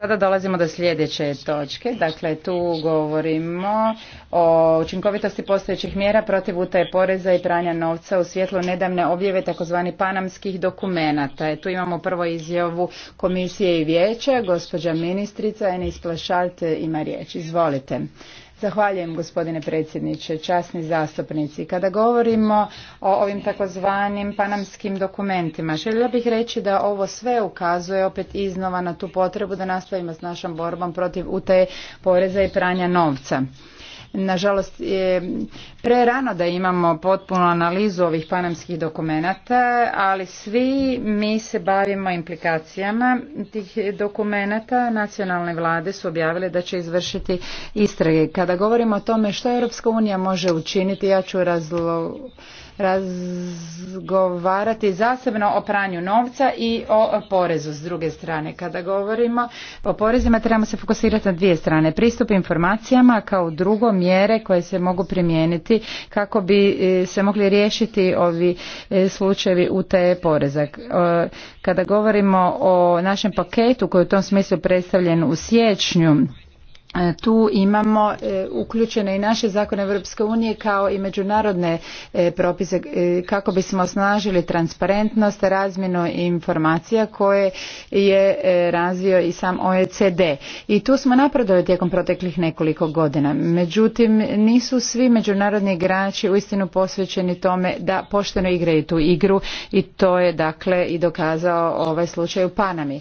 Sada dolazimo do sljedeće točke, dakle tu govorimo o učinkovitosti postojećih mjera protiv utaje poreza i pranja novca u svjetlu nedavne objave takozvani panamskih dokumenata. Tu imamo prvo izjavu komisije i vijeća, gospođa ministrica Enis Plašalt ima riječ. Izvolite. Zahvaljujem gospodine predsjedniče, časni zastupnici. Kada govorimo o ovim takozvanim panamskim dokumentima, željela bih reći da ovo sve ukazuje opet iznova na tu potrebu da nastavimo s našom borbom protiv utaje poreza i pranja novca. Nažalost, je pre rano da imamo potpunu analizu ovih panamskih dokumenata, ali svi mi se bavimo implikacijama tih dokumenata. Nacionalne vlade su objavile da će izvršiti istrage. Kada govorimo o tome što Europska unija može učiniti, ja ću razlo razgovarati zasebno o pranju novca i o porezu s druge strane. Kada govorimo o porezima trebamo se fokusirati na dvije strane. Pristup informacijama kao drugo mjere koje se mogu primijeniti kako bi e, se mogli riješiti ovi e, slučajevi u te porezak. E, kada govorimo o našem paketu koji je u tom smislu predstavljen u siječnju E, tu imamo e, uključene i naše zakone Europske unije kao i međunarodne e, propise kako bismo osnažili transparentnost, razmjenu informacija koje je razvio i sam OECD. I tu smo napredovali tijekom proteklih nekoliko godina. Međutim, nisu svi međunarodni igrači uistinu posvećeni tome da pošteno igraju tu igru i to je dakle i dokazao ovaj slučaj u Panami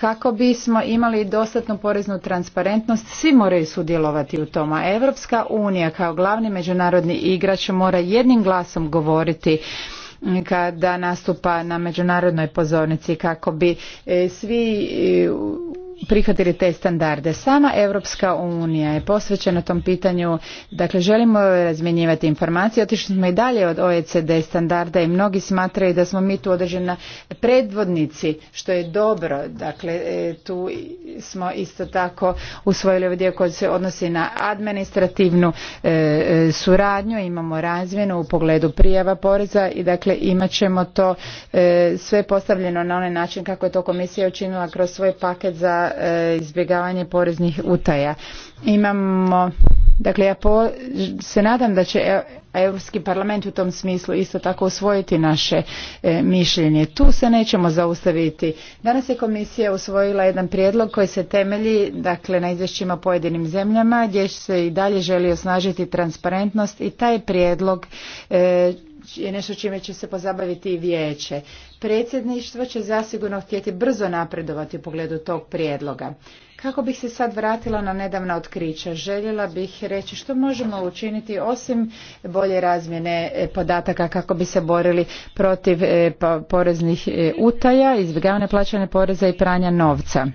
kako bismo imali dostatnu poreznu transparentnost, svi moraju sudjelovati u tome. A Evropska unija kao glavni međunarodni igrač mora jednim glasom govoriti mm, kada nastupa na međunarodnoj pozornici kako bi e, svi e, prihvatili te standarde. Sama Europska unija je posvećena tom pitanju, dakle želimo razmjenjivati informacije, otišli smo i dalje od OECD standarda i mnogi smatraju da smo mi tu određena predvodnici, što je dobro. Dakle, e, tu smo isto tako usvojili ovaj dio koji se odnosi na administrativnu e, e, suradnju, imamo razvijenu u pogledu prijava poreza i dakle imat ćemo to sve postavljeno na onaj način kako je to komisija učinila kroz svoj paket za E, izbjegavanje poreznih utaja. Imamo, dakle ja se nadam da će e, Europski parlament u tom smislu isto tako usvojiti naše e, mišljenje. Tu se nećemo zaustaviti. Danas je komisija usvojila jedan prijedlog koji se temelji dakle, na izvješćima pojedinim zemljama gdje se i dalje želi osnažiti transparentnost i taj prijedlog je nešto čime će se pozabaviti i vijeće. Predsjedništvo će zasigurno htjeti brzo napredovati u pogledu tog prijedloga. Kako bih se sad vratila na nedavna otkrića, željela bih reći što možemo učiniti osim bolje razmjene e, podataka kako bi se borili protiv e, poreznih e, utaja, izbjegavanja plaćanja poreza i pranja novca.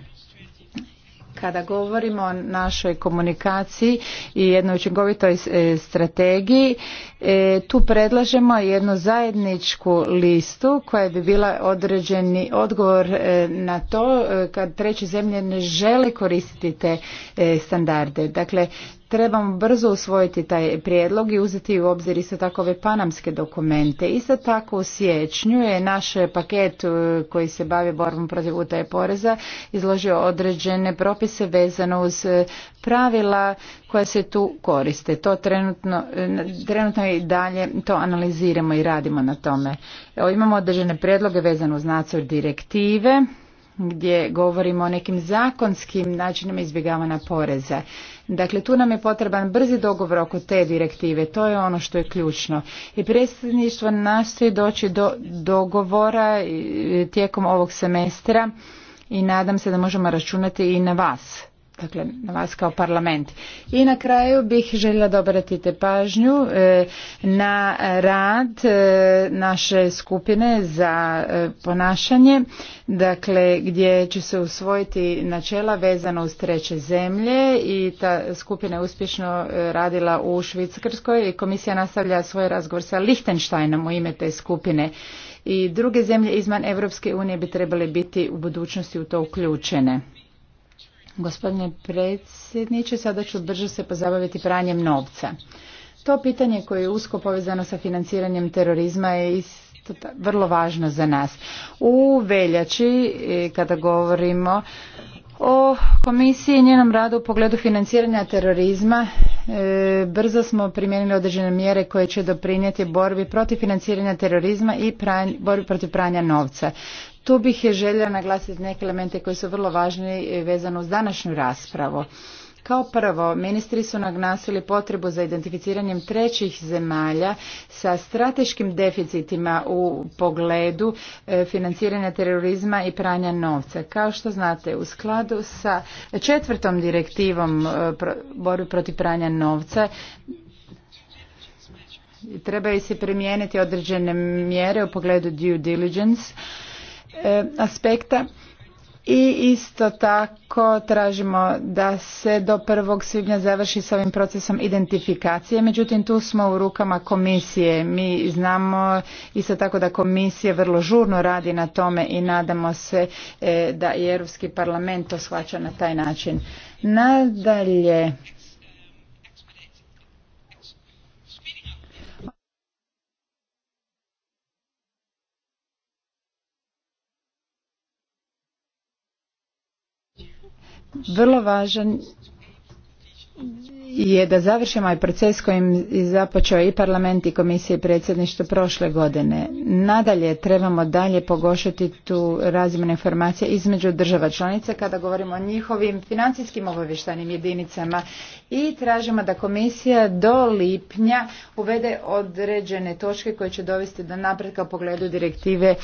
Kada govorimo o našoj komunikaciji i jednoj učinkovitoj e, strategiji, e, tu predlažemo jednu zajedničku listu koja bi bila određeni odgovor e, na to kad treće zemlje ne žele koristiti te standarde. Dakle, trebamo brzo usvojiti taj prijedlog i uzeti u obzir isto tako ove panamske dokumente. Isto tako u siječnju je naš paket uh, koji se bavi borbom protiv utaje poreza izložio određene propise vezano uz uh, pravila koja se tu koriste. To trenutno, uh, trenutno i dalje to analiziramo i radimo na tome. Evo, imamo određene predloge vezano uz nacor direktive gdje govorimo o nekim zakonskim načinima izbjegavanja poreza. Dakle, tu nam je potreban brzi dogovor oko te direktive, to je ono što je ključno. I predsjedništvo nastoji doći do dogovora tijekom ovog semestra i nadam se da možemo računati i na vas dakle na vas kao parlament. I na kraju bih željela da obratite pažnju e, na rad e, naše skupine za e, ponašanje, dakle gdje će se usvojiti načela vezano uz treće zemlje i ta skupina je uspješno radila u Švicarskoj i komisija nastavlja svoj razgovor sa Lichtensteinom u ime te skupine i druge zemlje izvan Europske unije bi trebale biti u budućnosti u to uključene. Gospodine predsjedniče, sada ću brže se pozabaviti pranjem novca. To pitanje koje je usko povezano sa financiranjem terorizma je isto vrlo važno za nas. U veljači, e, kada govorimo o komisiji i njenom radu u pogledu financiranja terorizma e, brzo smo primijenili određene mjere koje će doprinijeti borbi protiv financiranja terorizma i borbi protiv pranja novca. Tu bih željela naglasiti neke elemente koji su vrlo važni vezano uz današnju raspravu. Kao prvo, ministri su naglasili potrebu za identificiranjem trećih zemalja sa strateškim deficitima u pogledu e, financiranja terorizma i pranja novca. Kao što znate, u skladu sa četvrtom direktivom e, borbi protiv pranja novca, trebaju se primijeniti određene mjere u pogledu due diligence, E, aspekta i isto tako tražimo da se do 1. svibnja završi s ovim procesom identifikacije. Međutim, tu smo u rukama komisije. Mi znamo isto tako da komisija vrlo žurno radi na tome i nadamo se e, da i Europski parlament to shvaća na taj način. Nadalje, vrlo važan je da završimo ovaj proces kojim je započeo i parlament i komisije predsjedništvo prošle godine. Nadalje trebamo dalje pogošati tu razmjenu informacija između država članica kada govorimo o njihovim financijskim obavještajnim jedinicama i tražimo da komisija do lipnja uvede određene točke koje će dovesti do napretka u pogledu direktive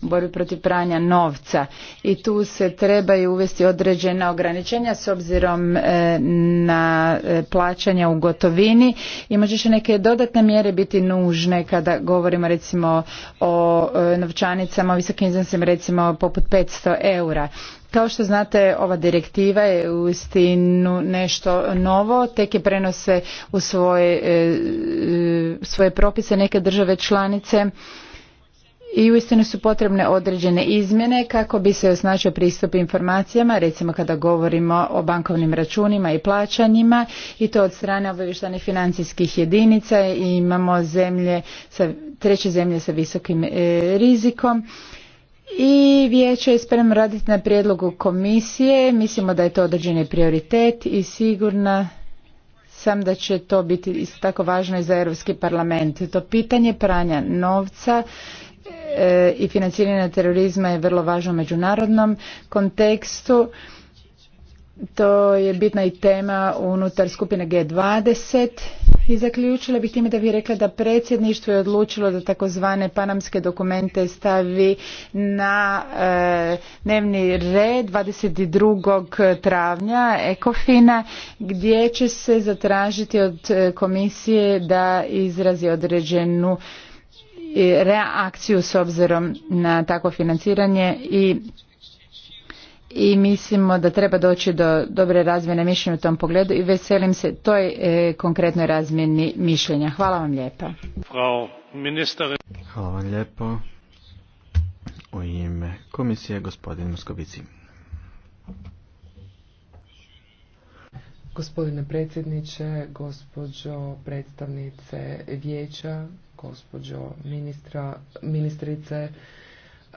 borbi protiv pranja novca i tu se trebaju uvesti određena ograničenja s obzirom e, na e, plaćanja u gotovini i možda će neke dodatne mjere biti nužne kada govorimo recimo o e, novčanicama o visokim iznosima recimo poput 500 eura kao što znate, ova direktiva je uistinu nešto novo, tek je prenose u svoje, e, svoje propise neke države članice i uistinu su potrebne određene izmjene kako bi se osnačio pristup informacijama, recimo kada govorimo o bankovnim računima i plaćanjima i to od strane obavještajnih financijskih jedinica i imamo zemlje sa, treće zemlje sa visokim e, rizikom i vijeće je spremno raditi na prijedlogu komisije. Mislimo da je to određeni prioritet i sigurna sam da će to biti isto tako važno i za Europski parlament. To pitanje pranja novca e, i financiranja terorizma je vrlo važno u međunarodnom kontekstu. To je bitna i tema unutar skupine G20 i zaključila bih time da bi rekla da predsjedništvo je odlučilo da takozvane panamske dokumente stavi na e, dnevni red 22. travnja Ekofina gdje će se zatražiti od e, komisije da izrazi određenu e, reakciju s obzirom na takvo financiranje i i mislimo da treba doći do dobre razmjene mišljenja u tom pogledu i veselim se toj e, konkretnoj razmjeni mišljenja. Hvala vam lijepa. Hvala vam lijepo. U ime komisije gospodin Moskovici. Gospodine predsjedniče, gospođo predstavnice vijeća, gospođo ministra, ministrice,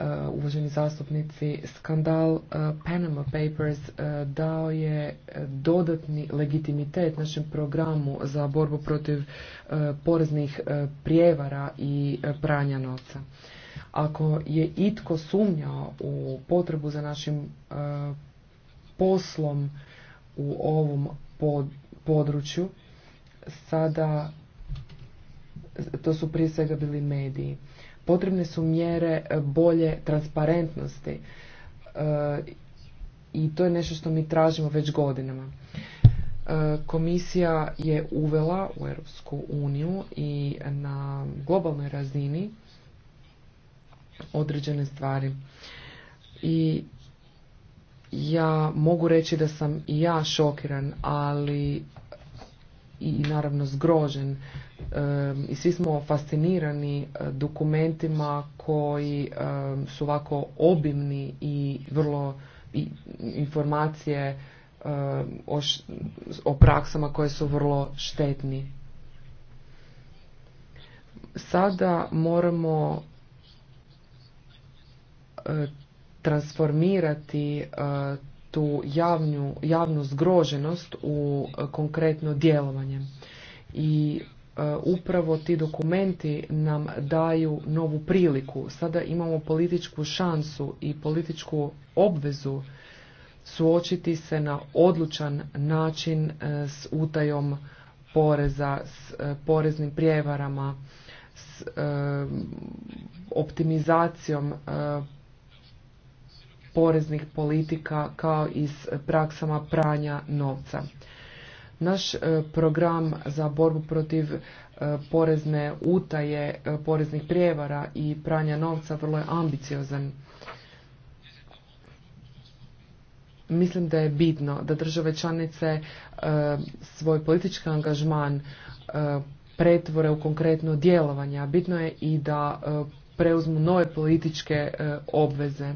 E, uvaženi zastupnici, skandal e, Panama Papers e, dao je dodatni legitimitet našem programu za borbu protiv poreznih prijevara i pranja novca. Ako je itko sumnjao u potrebu za našim poslom u ovom području, sada to su prije svega bili mediji potrebne su mjere bolje transparentnosti e, i to je nešto što mi tražimo već godinama. E, komisija je uvela u Europsku uniju i na globalnoj razini određene stvari. I ja mogu reći da sam i ja šokiran, ali i naravno zgrožen i svi smo fascinirani eh, dokumentima koji su ovako obimni i vrlo informacije o, praksama koje su vrlo štetni. Sada moramo eh, transformirati eh, tu javnu zgroženost u konkretno djelovanje. I E, upravo ti dokumenti nam daju novu priliku. Sada imamo političku šansu i političku obvezu suočiti se na odlučan način e, s utajom poreza, s e, poreznim prijevarama, s optimizacijom poreznih politika kao i s praksama pranja novca. Naš e, program za borbu protiv e, porezne utaje, e, poreznih prijevara i pranja novca vrlo je ambiciozan. Mislim da je bitno da države članice svoj politički angažman pretvore u konkretno djelovanje, a bitno je i da preuzmu nove političke obveze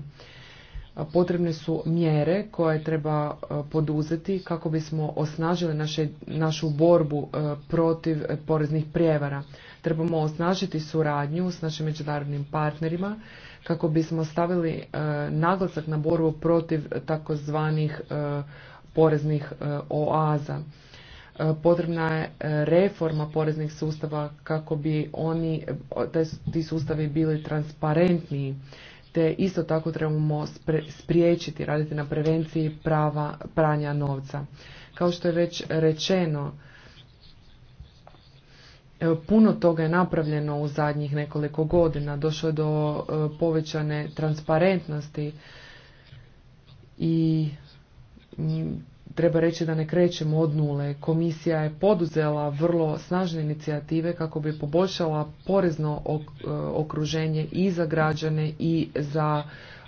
potrebne su mjere koje treba e, poduzeti kako bismo osnažili naše, našu borbu e, protiv poreznih prijevara. Trebamo osnažiti suradnju s našim međunarodnim partnerima kako bismo stavili e, naglasak na borbu protiv takozvanih poreznih oaza. Potrebna je reforma poreznih sustava kako bi oni, ti sustavi bili transparentniji te isto tako trebamo spriječiti, raditi na prevenciji prava pranja novca. Kao što je već rečeno, puno toga je napravljeno u zadnjih nekoliko godina. Došlo je do e, povećane transparentnosti i treba reći da ne krećemo od nule. Komisija je poduzela vrlo snažne inicijative kako bi poboljšala porezno e, okruženje i za građane i za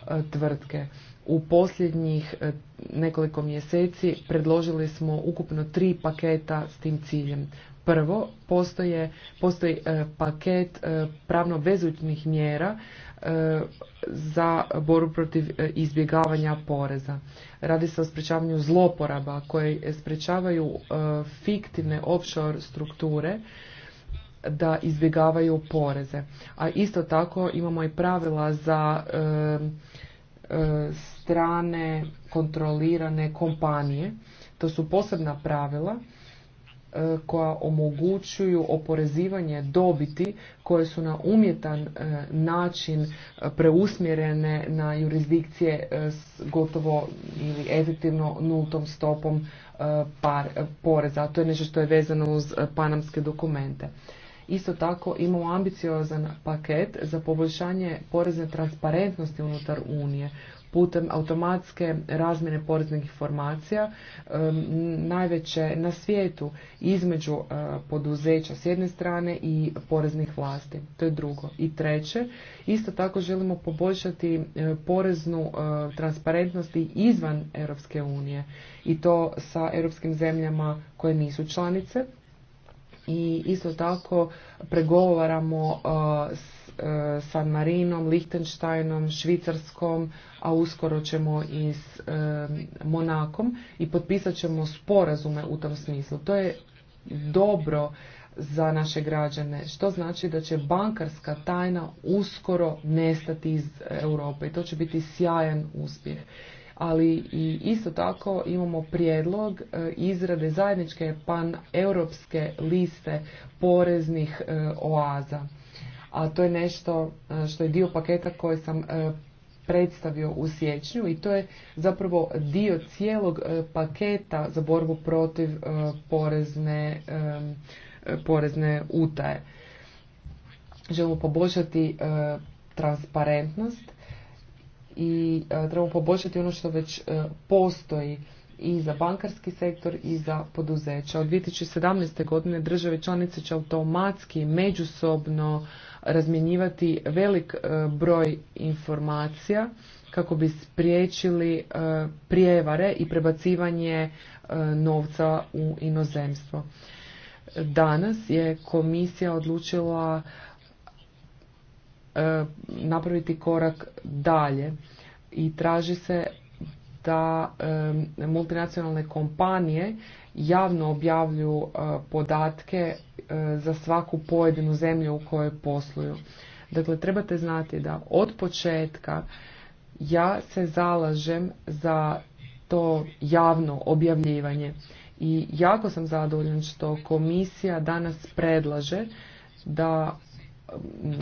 e, tvrtke. U posljednjih e, nekoliko mjeseci predložili smo ukupno tri paketa s tim ciljem. Prvo, postoji paket pravno bezutnih mjera E, za boru protiv e, izbjegavanja poreza. Radi se o sprečavanju zloporaba koje sprečavaju e, fiktivne offshore strukture da izbjegavaju poreze. A isto tako imamo i pravila za strane kontrolirane kompanije. To su posebna pravila E, koja omogućuju oporezivanje dobiti koje su na umjetan e, način e, preusmjerene na jurisdikcije s gotovo ili efektivno nultom stopom poreza. To je nešto što je vezano uz panamske dokumente. Isto tako imamo ambiciozan paket za poboljšanje porezne transparentnosti unutar Unije putem automatske razmjene poreznih informacija najveće na svijetu između e, poduzeća s jedne strane i poreznih vlasti. To je drugo. I treće, isto tako želimo poboljšati e, poreznu e, transparentnost i izvan Europske unije i to sa europskim zemljama koje nisu članice i isto tako pregovaramo E, San Marinom, Lichtensteinom, Švicarskom, a uskoro ćemo i s e, Monakom i potpisat ćemo sporazume u tom smislu. To je dobro za naše građane, što znači da će bankarska tajna uskoro nestati iz Europe i to će biti sjajan uspjeh. Ali i isto tako imamo prijedlog e, izrade zajedničke pan-europske liste poreznih oaza a to je nešto e, što je dio paketa koji sam e, predstavio u siječnju i to je zapravo dio cijelog e, paketa za borbu protiv porezne, porezne utaje. Želimo poboljšati transparentnost i trebamo poboljšati ono što već postoji i za bankarski sektor i za poduzeća. Od 2017. godine države članice će automatski međusobno razmjenjivati velik e, broj informacija kako bi spriječili e, prijevare i prebacivanje e, novca u inozemstvo. Danas je komisija odlučila napraviti korak dalje i traži se da multinacionalne kompanije javno objavljuju e, podatke e, za svaku pojedinu zemlju u kojoj posluju. Dakle, trebate znati da od početka ja se zalažem za to javno objavljivanje i jako sam zadovoljan što komisija danas predlaže da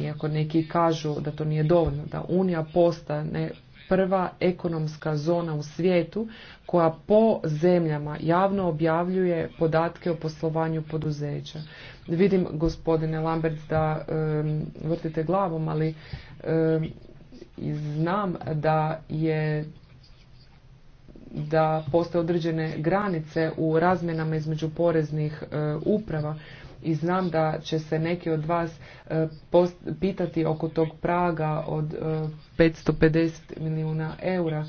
iako neki kažu da to nije dovoljno, da Unija postane prva ekonomska zona u svijetu koja po zemljama javno objavljuje podatke o poslovanju poduzeća. Vidim, gospodine Lambert, da vrtite glavom, ali znam da je da postoje određene granice u razmjenama između poreznih uprava i znam da će se neki od vas e, pitati oko tog praga od 550 e, milijuna eura.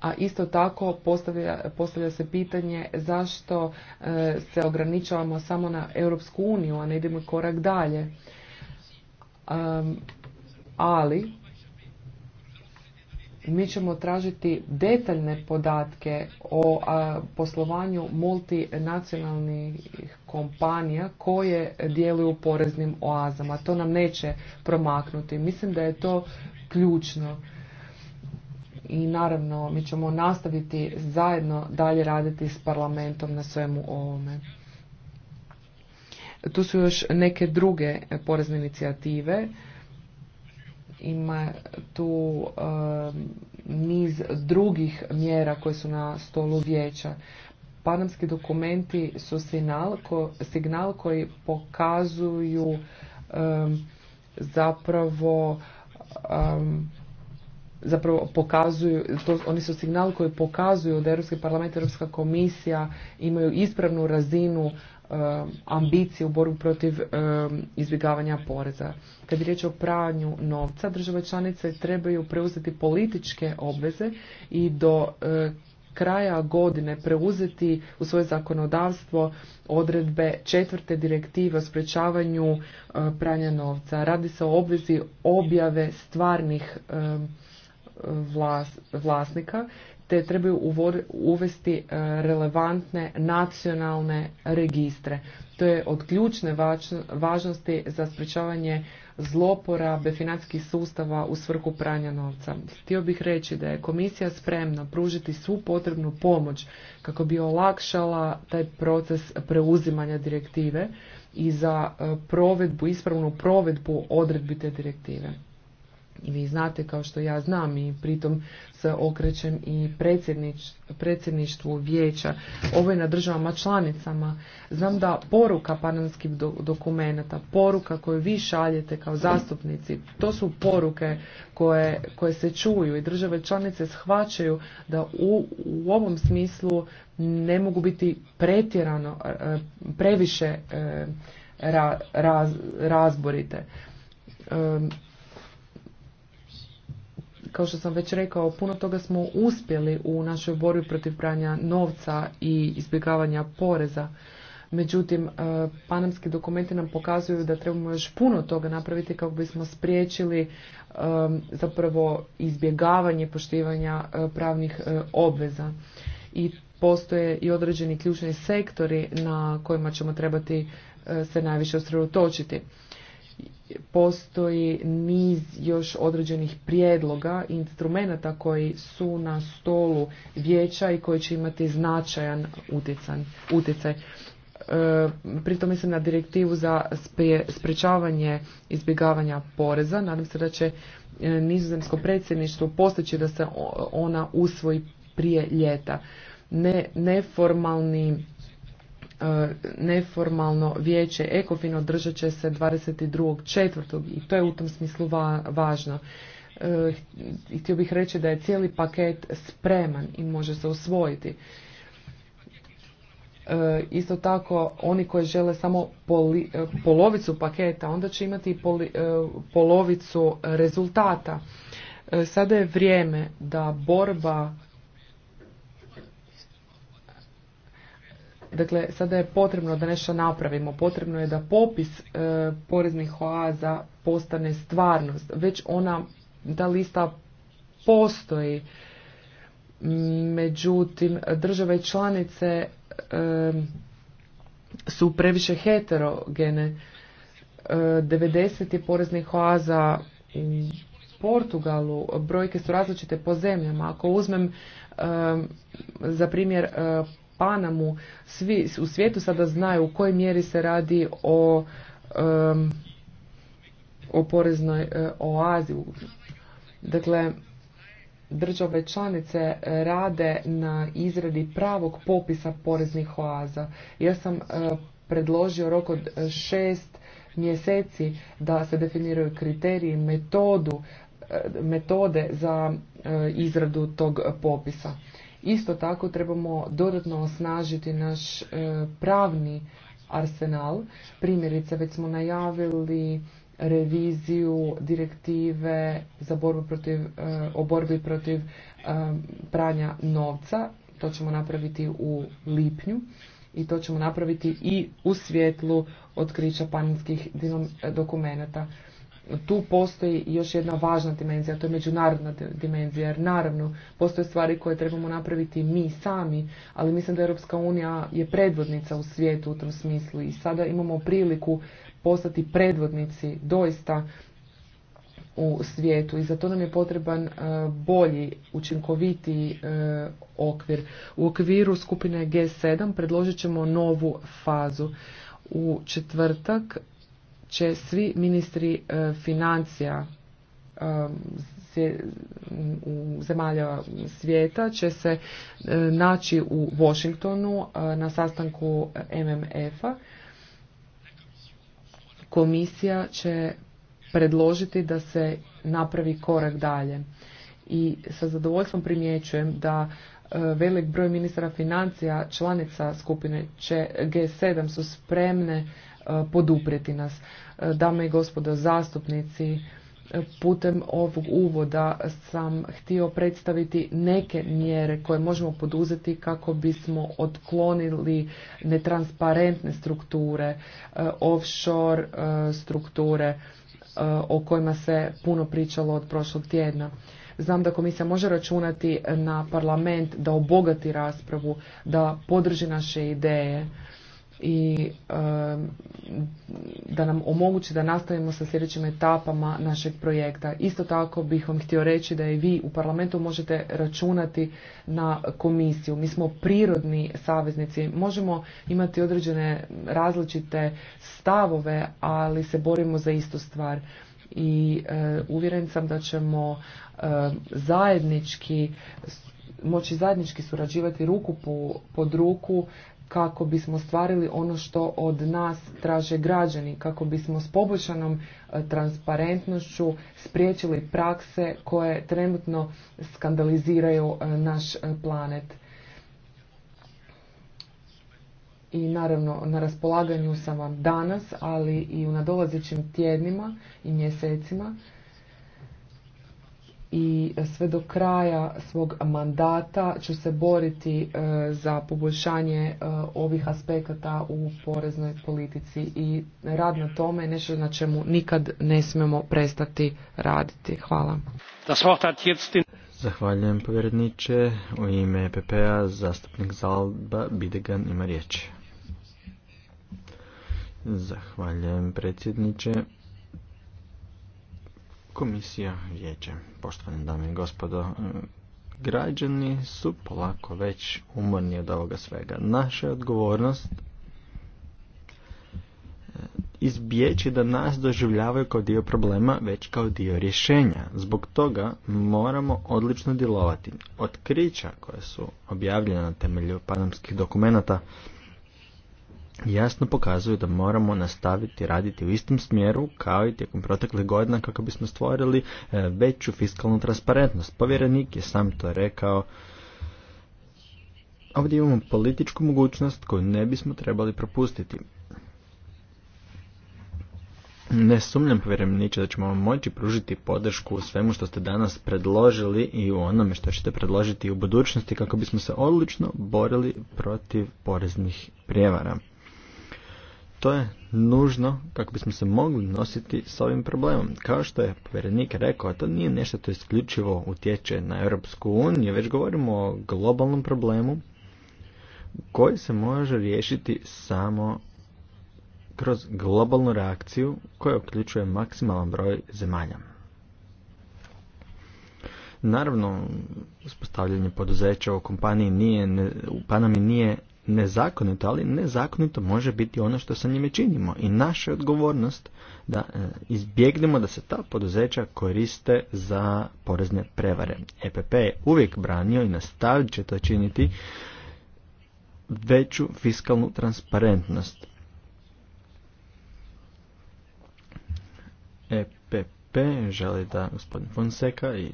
A isto tako postavlja, postavlja se pitanje zašto e, se ograničavamo samo na Europsku uniju, a ne idemo korak dalje. ali mi ćemo tražiti detaljne podatke o poslovanju multinacionalnih kompanija koje djeluju u poreznim oazama. To nam neće promaknuti. Mislim da je to ključno. I naravno, mi ćemo nastaviti zajedno dalje raditi s parlamentom na svemu ovome. Tu su još neke druge porezne inicijative ima tu um, niz drugih mjera koje su na stolu vijeća. Panamski dokumenti su signal, signal koji pokazuju um, zapravo um, zapravo pokazuju, to, oni su signal koji pokazuju da Europski parlament, Europska komisija imaju ispravnu razinu e, ambicije u borbi protiv e, izbjegavanja poreza. Kad je riječ o pranju novca, države članice trebaju preuzeti političke obveze i do e, kraja godine preuzeti u svoje zakonodavstvo odredbe četvrte direktive o sprečavanju pranja novca. Radi se o obvezi objave stvarnih vlas, vlasnika, te trebaju uvesti e, relevantne nacionalne registre. To je od ključne važnosti za sprječavanje zloporabe financijskih sustava u svrhu pranja novca. Htio bih reći da je komisija spremna pružiti svu potrebnu pomoć kako bi olakšala taj proces preuzimanja direktive i za e, provedbu, ispravnu provedbu odredbi te direktive vi znate kao što ja znam i pritom se okrećem i predsjedništvu vijeća. Ovo je na državama članicama. Znam da poruka panamskih dokumenata, poruka koju vi šaljete kao zastupnici, to su poruke koje, koje se čuju i države članice shvaćaju da u, u ovom smislu ne mogu biti pretjerano, e, previše e, raz, razborite kao što sam već rekao, puno toga smo uspjeli u našoj borbi protiv pranja novca i izbjegavanja poreza. Međutim, e, panamski dokumenti nam pokazuju da trebamo još puno toga napraviti kako bismo spriječili e, zapravo izbjegavanje poštivanja e, pravnih obveza. I postoje i određeni ključni sektori na kojima ćemo trebati se najviše osredotočiti postoji niz još određenih prijedloga i instrumenta koji su na stolu vijeća i koji će imati značajan utjecaj. E, pritom mislim na direktivu za sprečavanje izbjegavanja poreza. Nadam se da će e, nizozemsko predsjedništvo postići da se ona usvoji prije ljeta. Ne, neformalni E, neformalno vijeće ECOFIN održat će se 22.4. i to je u tom smislu važno. E, htio bih reći da je cijeli paket spreman i može se usvojiti. E, isto tako, oni koji žele samo e, polovicu paketa, onda će imati poli, polovicu rezultata. sada je vrijeme da borba Dakle, sada je potrebno da nešto napravimo. Potrebno je da popis e, poreznih oaza postane stvarnost. Već ona, ta lista postoji. Međutim, države članice e, su previše heterogene. E, 90 je poreznih oaza u Portugalu. Brojke su različite po zemljama. Ako uzmem e, za primjer Panamu, svi u svijetu sada znaju u kojoj mjeri se radi o, o poreznoj e, oazi. Dakle, države članice rade na izradi pravog popisa poreznih oaza. Ja sam e, predložio rok od šest mjeseci da se definiraju kriteriji, metodu, e, metode za izradu tog popisa. Isto tako trebamo dodatno osnažiti naš e, pravni arsenal. Primjerice, već smo najavili reviziju direktive za protiv, e, o borbi protiv e, pranja novca. To ćemo napraviti u lipnju i to ćemo napraviti i u svjetlu otkrića paninskih dokumenata tu postoji još jedna važna dimenzija, to je međunarodna dimenzija, jer naravno postoje stvari koje trebamo napraviti mi sami, ali mislim da Europska unija je predvodnica u svijetu u tom smislu i sada imamo priliku postati predvodnici doista u svijetu i za to nam je potreban e, bolji, učinkovitiji e, okvir. U okviru skupine G7 predložit ćemo novu fazu. U četvrtak će svi ministri e, financija e, zemalja svijeta će se e, naći u Washingtonu na sastanku MMF-a. Komisija će predložiti da se napravi korak dalje. I sa zadovoljstvom primjećujem da velik broj ministra financija članica skupine G7 su spremne poduprijeti nas. E, dame i gospodo zastupnici, e, putem ovog uvoda sam htio predstaviti neke mjere koje možemo poduzeti kako bismo otklonili netransparentne strukture, e, offshore strukture o kojima se puno pričalo od prošlog tjedna. Znam da komisija može računati na parlament da obogati raspravu, da podrži naše ideje i da nam omogući da nastavimo sa sljedećim etapama našeg projekta. Isto tako bih vam htio reći da i vi u parlamentu možete računati na komisiju. Mi smo prirodni saveznici, možemo imati određene različite stavove, ali se borimo za istu stvar. I eh, uvjeren sam da ćemo eh, zajednički moći zajednički surađivati ruku po, pod ruku kako bismo stvarili ono što od nas traže građani, kako bismo s poboljšanom e, transparentnošću spriječili prakse koje trenutno skandaliziraju e, naš e, planet. I naravno na raspolaganju sam vam danas, ali i u nadolazećim tjednima i mjesecima i sve do kraja svog mandata ću se boriti e, za poboljšanje e, ovih aspekata u poreznoj politici i rad na tome je nešto na čemu nikad ne smemo prestati raditi. Hvala. Zahvaljujem povjeredniče. U ime e PPA zastupnik Zalba Bidegan ima riječ. Zahvaljujem predsjedniče. Komisija vijeće, poštovane dame i gospodo, e, građani su polako već umorni od ovoga svega. Naša odgovornost e, izbjeći da nas doživljavaju kao dio problema, već kao dio rješenja. Zbog toga moramo odlično djelovati. Otkrića koja su objavljena na temelju panamskih dokumenata jasno pokazuju da moramo nastaviti raditi u istom smjeru kao i tijekom proteklih godina kako bismo stvorili e, veću fiskalnu transparentnost. Povjerenik je sam to rekao. Ovdje imamo političku mogućnost koju ne bismo trebali propustiti. Ne sumnjam povjereniče da ćemo vam moći pružiti podršku u svemu što ste danas predložili i u onome što ćete predložiti u budućnosti kako bismo se odlično borili protiv poreznih prijevara. To je nužno kako bismo se mogli nositi s ovim problemom. Kao što je povjerenik rekao, to nije nešto to isključivo utječe na Europsku uniju, već govorimo o globalnom problemu koji se može riješiti samo kroz globalnu reakciju koja uključuje maksimalan broj zemalja. Naravno, uspostavljanje poduzeća u kompaniji nije, u Panami nije nezakonito, ali nezakonito može biti ono što sa njime činimo. I naša je odgovornost da e, izbjegnemo da se ta poduzeća koriste za porezne prevare. EPP je uvijek branio i nastavit će to činiti veću fiskalnu transparentnost. EPP želi da gospodin Fonseca i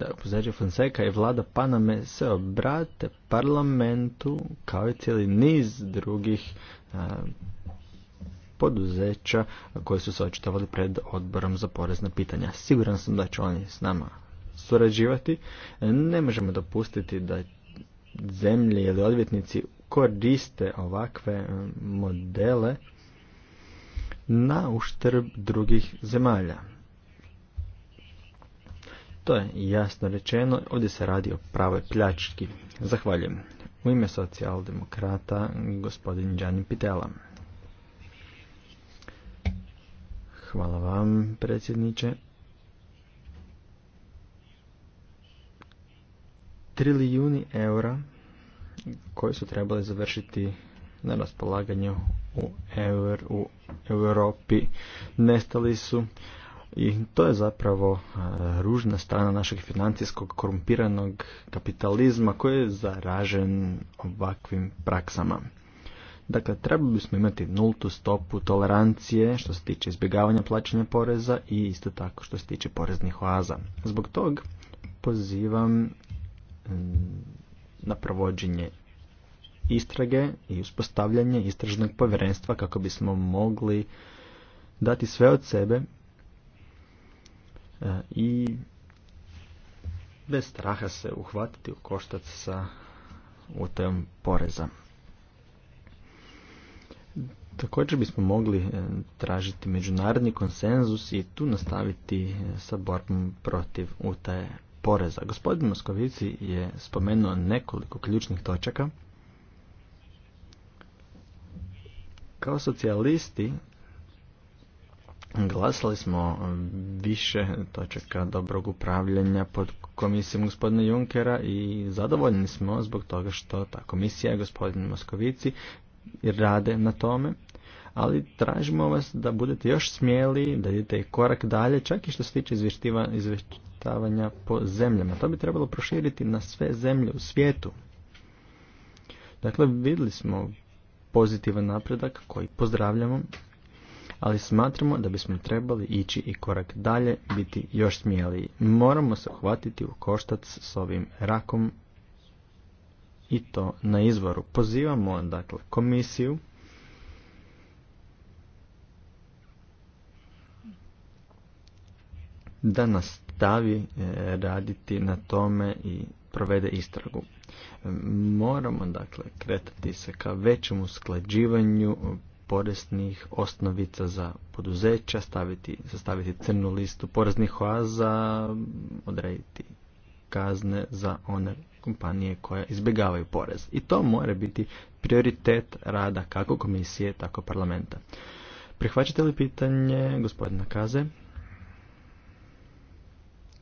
da Fonseca i vlada Paname se obrate parlamentu kao i cijeli niz drugih poduzeća koji su se očitovali pred odborom za porezna pitanja. Siguran sam da će oni s nama surađivati. Ne možemo dopustiti da zemlje ili odvjetnici koriste ovakve modele na uštrb drugih zemalja. To je jasno rečeno, ovdje se radi o pravoj pljački. Zahvaljujem. U ime socijaldemokrata, gospodin Gianni Pitela. Hvala vam, predsjedniče. Trilijuni eura koji su trebali završiti na raspolaganju u Europi nestali su i to je zapravo e, ružna strana našeg financijskog korumpiranog kapitalizma koji je zaražen ovakvim praksama. Dakle, trebali bismo imati nultu stopu tolerancije što se tiče izbjegavanja plaćanja poreza i isto tako što se tiče poreznih oaza. Zbog tog pozivam na provođenje istrage i uspostavljanje istražnog povjerenstva kako bismo mogli dati sve od sebe E, i bez straha se uhvatiti u koštac sa utajom poreza. Također bismo mogli e, tražiti međunarodni konsenzus i tu nastaviti e, sa borbom protiv utaje poreza. Gospodin Moskovici je spomenuo nekoliko ključnih točaka. Kao socijalisti Glasali smo um, više točaka dobrog upravljanja pod komisijom gospodina Junkera i zadovoljni smo zbog toga što ta komisija i gospodin Moskovici rade na tome, ali tražimo vas da budete još smjeli, da idete i korak dalje, čak i što se tiče izvještavanja po zemljama. To bi trebalo proširiti na sve zemlje u svijetu. Dakle, vidjeli smo pozitivan napredak koji pozdravljamo, ali smatramo da bismo trebali ići i korak dalje, biti još smijeliji. Moramo se uhvatiti u koštac s ovim rakom i to na izvoru. Pozivamo dakle komisiju da nastavi e, raditi na tome i provede istragu. E, moramo dakle kretati se ka većem usklađivanju poreznih osnovica za poduzeća, staviti, sastaviti crnu listu poreznih oaza, odrediti kazne za one kompanije koje izbjegavaju porez. I to mora biti prioritet rada kako komisije, tako parlamenta. Prihvaćate li pitanje gospodina Kaze?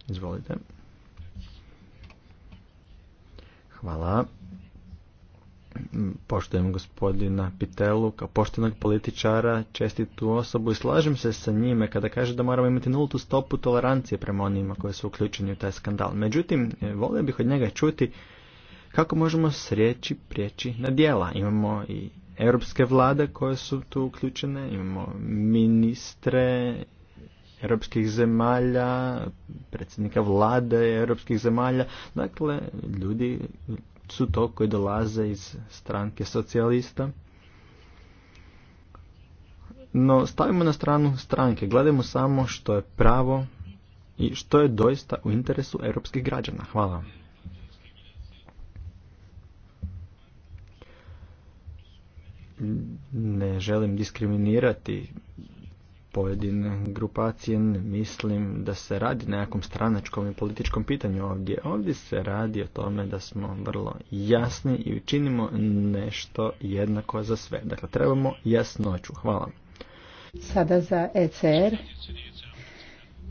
Izvolite. Hvala poštujem gospodina Pitelu kao poštenog političara, čestitu osobu i slažem se sa njime kada kaže da moramo imati nultu stopu tolerancije prema onima koji su uključeni u taj skandal. Međutim, e, volio bih od njega čuti kako možemo s riječi prijeći na dijela. Imamo i europske vlade koje su tu uključene, imamo ministre europskih zemalja, predsjednika vlade europskih zemalja, dakle ljudi su to koji dolaze iz stranke socijalista. No stavimo na stranu stranke, gledajmo samo što je pravo i što je doista u interesu europskih građana. Hvala. Ne želim diskriminirati pojedine grupacije, mislim da se radi na nekom stranačkom i političkom pitanju ovdje. Ovdje se radi o tome da smo vrlo jasni i učinimo nešto jednako za sve. Dakle, trebamo jasnoću. Hvala. Sada za ECR,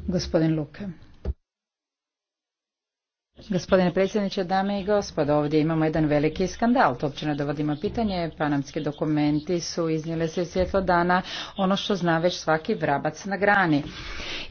gospodin Luka. Gospodine predsjedniče, dame i gospodo, ovdje imamo jedan veliki skandal, to uopće ne dovodimo pitanje, panamski dokumenti su iznijeli se svjetlo dana, ono što zna već svaki vrabac na grani.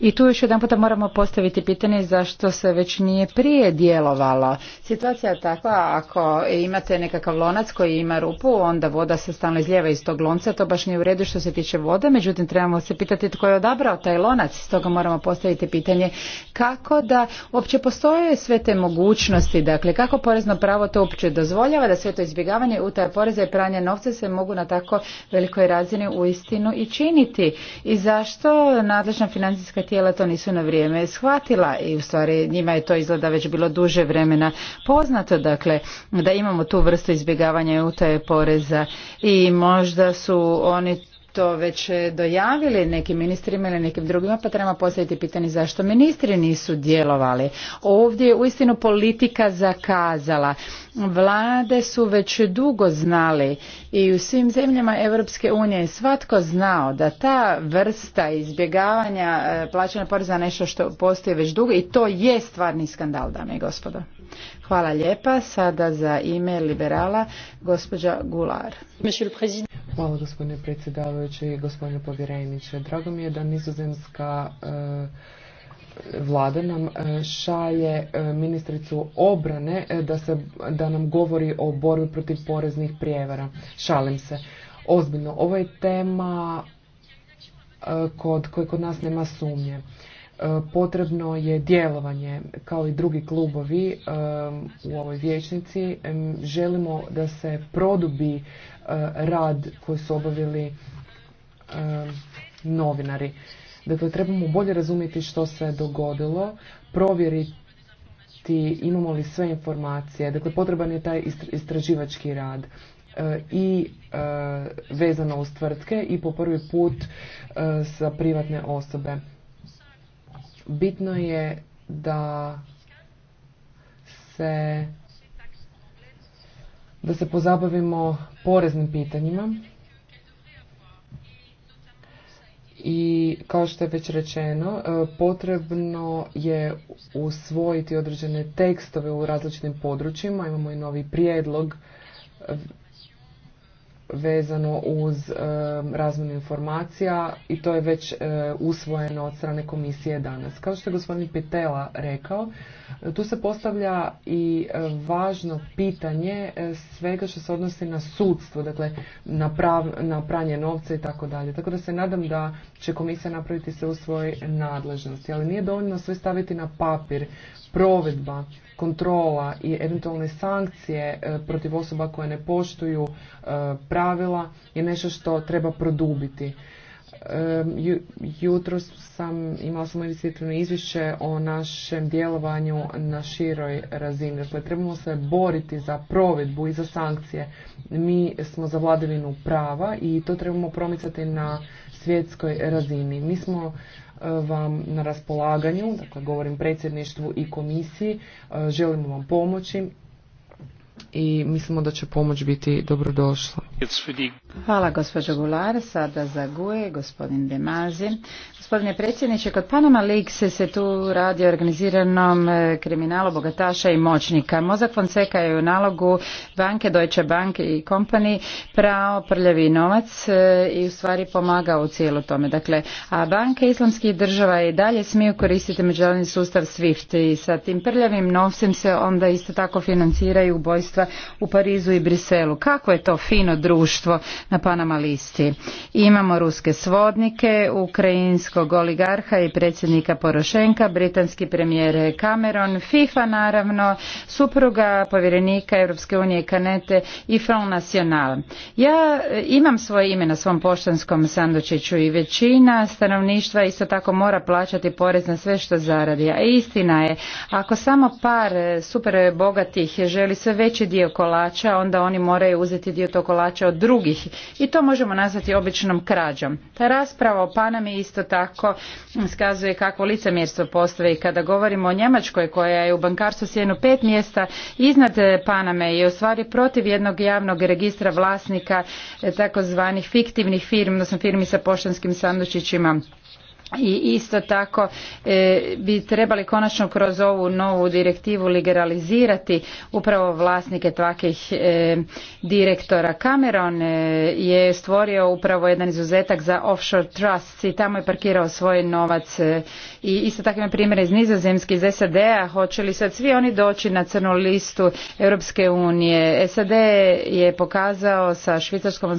I tu još jedan puta moramo postaviti pitanje zašto se već nije prije djelovalo. Situacija je takva, ako imate nekakav lonac koji ima rupu, onda voda se stalno izljeva iz tog lonca, to baš nije u redu što se tiče vode, međutim trebamo se pitati tko je odabrao taj lonac, stoga moramo postaviti pitanje kako da uopće postoje sve te mogućnosti, dakle kako porezno pravo to uopće dozvoljava da sve to izbjegavanje utaja poreza i pranje novca se mogu na tako velikoj razini uistinu i činiti i zašto nadležna financijska tijela to nisu na vrijeme shvatila i u stvari njima je to izgleda već bilo duže vremena poznato dakle da imamo tu vrstu izbjegavanja i utaje poreza i možda su oni to već dojavili nekim ministrima ili nekim drugima, pa trebamo postaviti pitanje zašto ministri nisu djelovali. Ovdje je uistinu politika zakazala. Vlade su već dugo znali i u svim zemljama Europske unije je svatko znao da ta vrsta izbjegavanja e, plaćanja poreza nešto što postoji već dugo i to je stvarni skandal, dame i gospodo. Hvala lijepa. Sada za ime liberala gospođa Gular. Hvala gospodine predsjedavajući i gospodine povjereniče. Drago mi je da nizozemska e, vlada nam e, šalje e, ministricu obrane da, da nam govori o borbi protiv poreznih prijevara. Šalim se. Ozbiljno, ovo je tema kod kod nas nema sumnje potrebno je djelovanje kao i drugi klubovi e, u ovoj vijećnici. Želimo da se produbi e, rad koji su obavili e, novinari. Dakle, trebamo bolje razumjeti što se dogodilo, provjeriti imamo li sve informacije. Dakle, potreban je taj istraživački rad i vezano uz tvrtke i po prvi put sa privatne osobe. Bitno je da se da se pozabavimo poreznim pitanjima i kao što je već rečeno e, potrebno je usvojiti određene tekstove u različitim područjima imamo i novi prijedlog vezano uz e, razmjenu informacija i to je već usvojeno od strane komisije danas. Kao što je gospodin Pitela rekao, tu se postavlja i e, važno pitanje e, svega što se odnosi na sudstvo, dakle na, na pranje novca i tako dalje. Tako da se nadam da će komisija napraviti sve u svojoj nadležnosti, ali nije dovoljno sve staviti na papir. Provedba, kontrola i eventualne sankcije e, protiv osoba koje ne poštuju pravila je nešto što treba produbiti. Jutro sam imala sam investitivno izvješće o našem djelovanju na široj razini. Dakle, trebamo se boriti za provedbu i za sankcije. Mi smo za vladavinu prava i to trebamo promicati na svjetskoj razini. Mi smo eh, vam na raspolaganju, dakle govorim predsjedništvu i komisiji, eh, želimo vam pomoći i mislimo da će pomoć biti dobrodošla. Hvala gospođo Gular, sada za Guje gospodin Demazi. Gospodine predsjedniče, kod Panama Leaks se tu radi o organiziranom e, kriminalu bogataša i moćnika. Mozak Fonseca je u nalogu banke Deutsche Bank i kompani prao prljavi novac e, i u stvari pomagao u cijelu tome. Dakle, a banke islamskih država i dalje smiju koristiti međunarodni sustav SWIFT i sa tim prljavim novcem se onda isto tako financiraju ubojstva u Parizu i Briselu. Kako je to fino društvo na Panama listi? Imamo ruske svodnike, ukrajinskog oligarha i predsjednika Porošenka, britanski premijer Cameron, FIFA naravno, supruga povjerenika Europske unije Kanete i Front National. Ja e, imam svoje ime na svom poštanskom sandučiću i većina stanovništva isto tako mora plaćati porez na sve što zaradi. A istina je, ako samo par e, super bogatih želi sve veći dio kolača, onda oni moraju uzeti dio tog kolača od drugih i to možemo nazvati običnom krađom. Ta rasprava o Panami isto tako skazuje kakvo licemjerstvo postoji kada govorimo o Njemačkoj koja je u bankarstvu sjenu pet mjesta iznad Paname i ustvari protiv jednog javnog registra vlasnika e, takozvanih fiktivnih firmi, odnosno firmi sa poštanskim sandučićima i isto tako e, bi trebali konačno kroz ovu novu direktivu liberalizirati upravo vlasnike takvih e, direktora. Cameron e, je stvorio upravo jedan izuzetak za offshore trusts i tamo je parkirao svoj novac i isto tako primjere primjer iz Nizozemske, iz SAD-a, hoće li sad svi oni doći na crnu listu Europske unije? SAD je pokazao sa Švicarskom,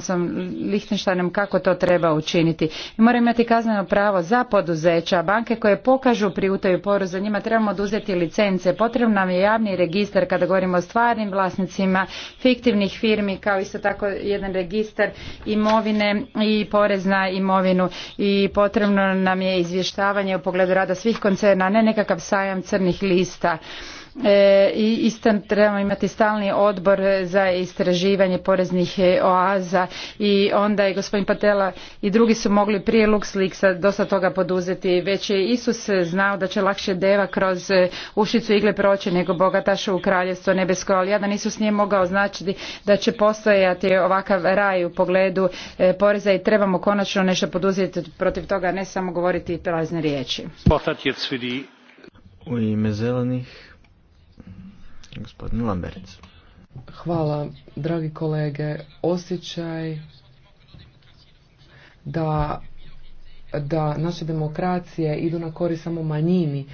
lihtenštajnom kako to treba učiniti. I moramo imati kazneno pravo za poduzeća, banke koje pokažu pri utaju za njima trebamo oduzeti licence, potrebno nam je javni registar kada govorimo o stvarnim vlasnicima fiktivnih firmi, kao isto tako jedan registar imovine i porez na imovinu i potrebno nam je izvještavanje u pogledu rada svih koncerna, ne nekakav sajam crnih lista. E, i isto trebamo imati stalni odbor za istraživanje poreznih e, oaza i onda je gospodin Patela i drugi su mogli prije LuxLeaksa dosta toga poduzeti. Već je Isus znao da će lakše deva kroz e, ušicu igle proći nego bogataš u kraljevstvo nebesko, ali jadan Isus nije mogao značiti da će postojati ovakav raj u pogledu poreza i trebamo konačno nešto poduzeti protiv toga, ne samo govoriti prazne riječi. U ime zelenih Gospodin Lamberic. Hvala, dragi kolege. Osjećaj da da naše demokracije idu na korist samo manjini, e,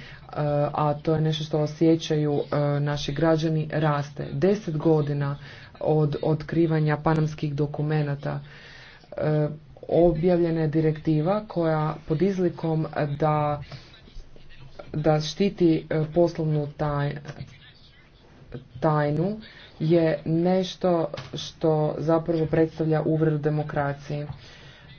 a to je nešto što osjećaju e, naši građani, raste. Deset godina od otkrivanja panamskih dokumenata e, objavljena je direktiva koja pod izlikom da da štiti poslovnu taj, tajnu je nešto što zapravo predstavlja uvredu demokraciji.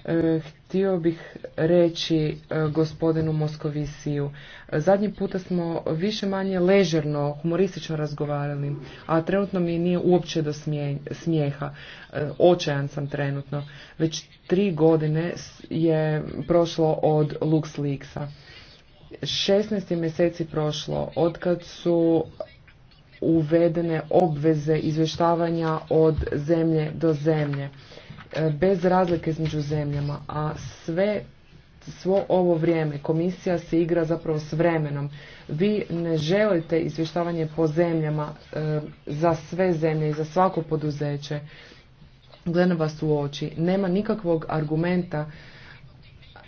E, htio bih reći e, gospodinu Moskovisiju, zadnji puta smo više manje ležerno, humoristično razgovarali, a trenutno mi nije uopće do smijeha. E, očajan sam trenutno. Već tri godine je prošlo od LuxLeaksa. 16 mjeseci prošlo od kad su uvedene obveze izvještavanja od zemlje do zemlje e, bez razlike između zemljama, a sve svo ovo vrijeme komisija se igra zapravo s vremenom. Vi ne želite izvještavanje po zemljama e, za sve zemlje i za svako poduzeće. Gledam vas u oči. Nema nikakvog argumenta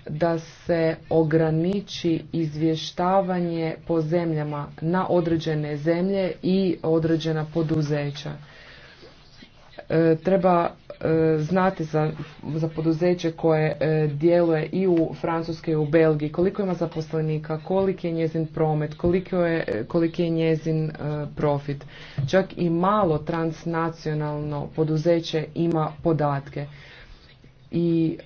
da se ograniči izvještavanje po zemljama na određene zemlje i određena poduzeća. E, treba e, znati za, za poduzeće koje e, djeluje i u Francuskoj i u Belgiji, koliko ima zaposlenika, koliki je njezin promet, koliko je, koliki je njezin e, profit. Čak i malo transnacionalno poduzeće ima podatke. I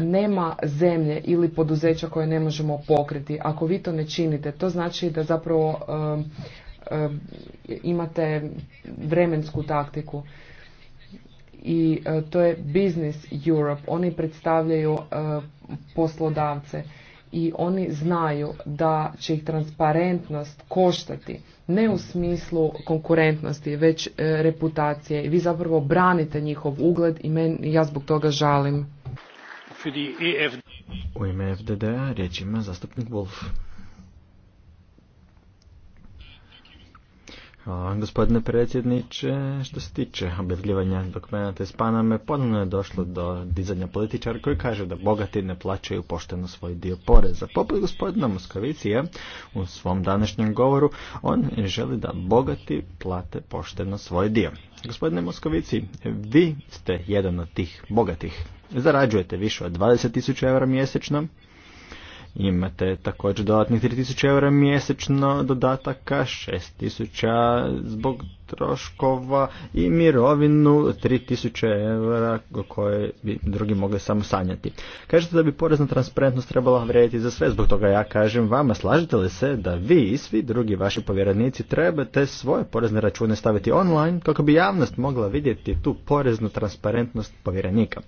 nema zemlje ili poduzeća koje ne možemo pokriti. Ako vi to ne činite, to znači da zapravo um, um, imate vremensku taktiku. I uh, to je Business Europe. Oni predstavljaju uh, poslodavce i oni znaju da će ih transparentnost koštati ne u smislu konkurentnosti već uh, reputacije i vi zapravo branite njihov ugled i men, ja zbog toga žalim E U ime FDD-a riječ ima zastupnik Wolf. Hvala vam gospodine predsjedniče. Što se tiče objavljivanja dokumenta iz Paname, ponovno je došlo do dizanja političara koji kaže da bogati ne plaćaju pošteno svoj dio poreza. Poput gospodina Moskavicija u svom današnjem govoru, on želi da bogati plate pošteno svoj dio. Gospodine Moskovici, vi ste jedan od tih bogatih. Zarađujete više od 20.000 eura mjesečno, Imate također dodatnih 3000 eura mjesečno dodataka, 6000 zbog troškova i mirovinu 3000 eura koje bi drugi mogli samo sanjati. Kažete da bi porezna transparentnost trebala vrijediti za sve, zbog toga ja kažem vama, slažete li se da vi i svi drugi vaši povjerenici trebate svoje porezne račune staviti online kako bi javnost mogla vidjeti tu poreznu transparentnost povjerenika.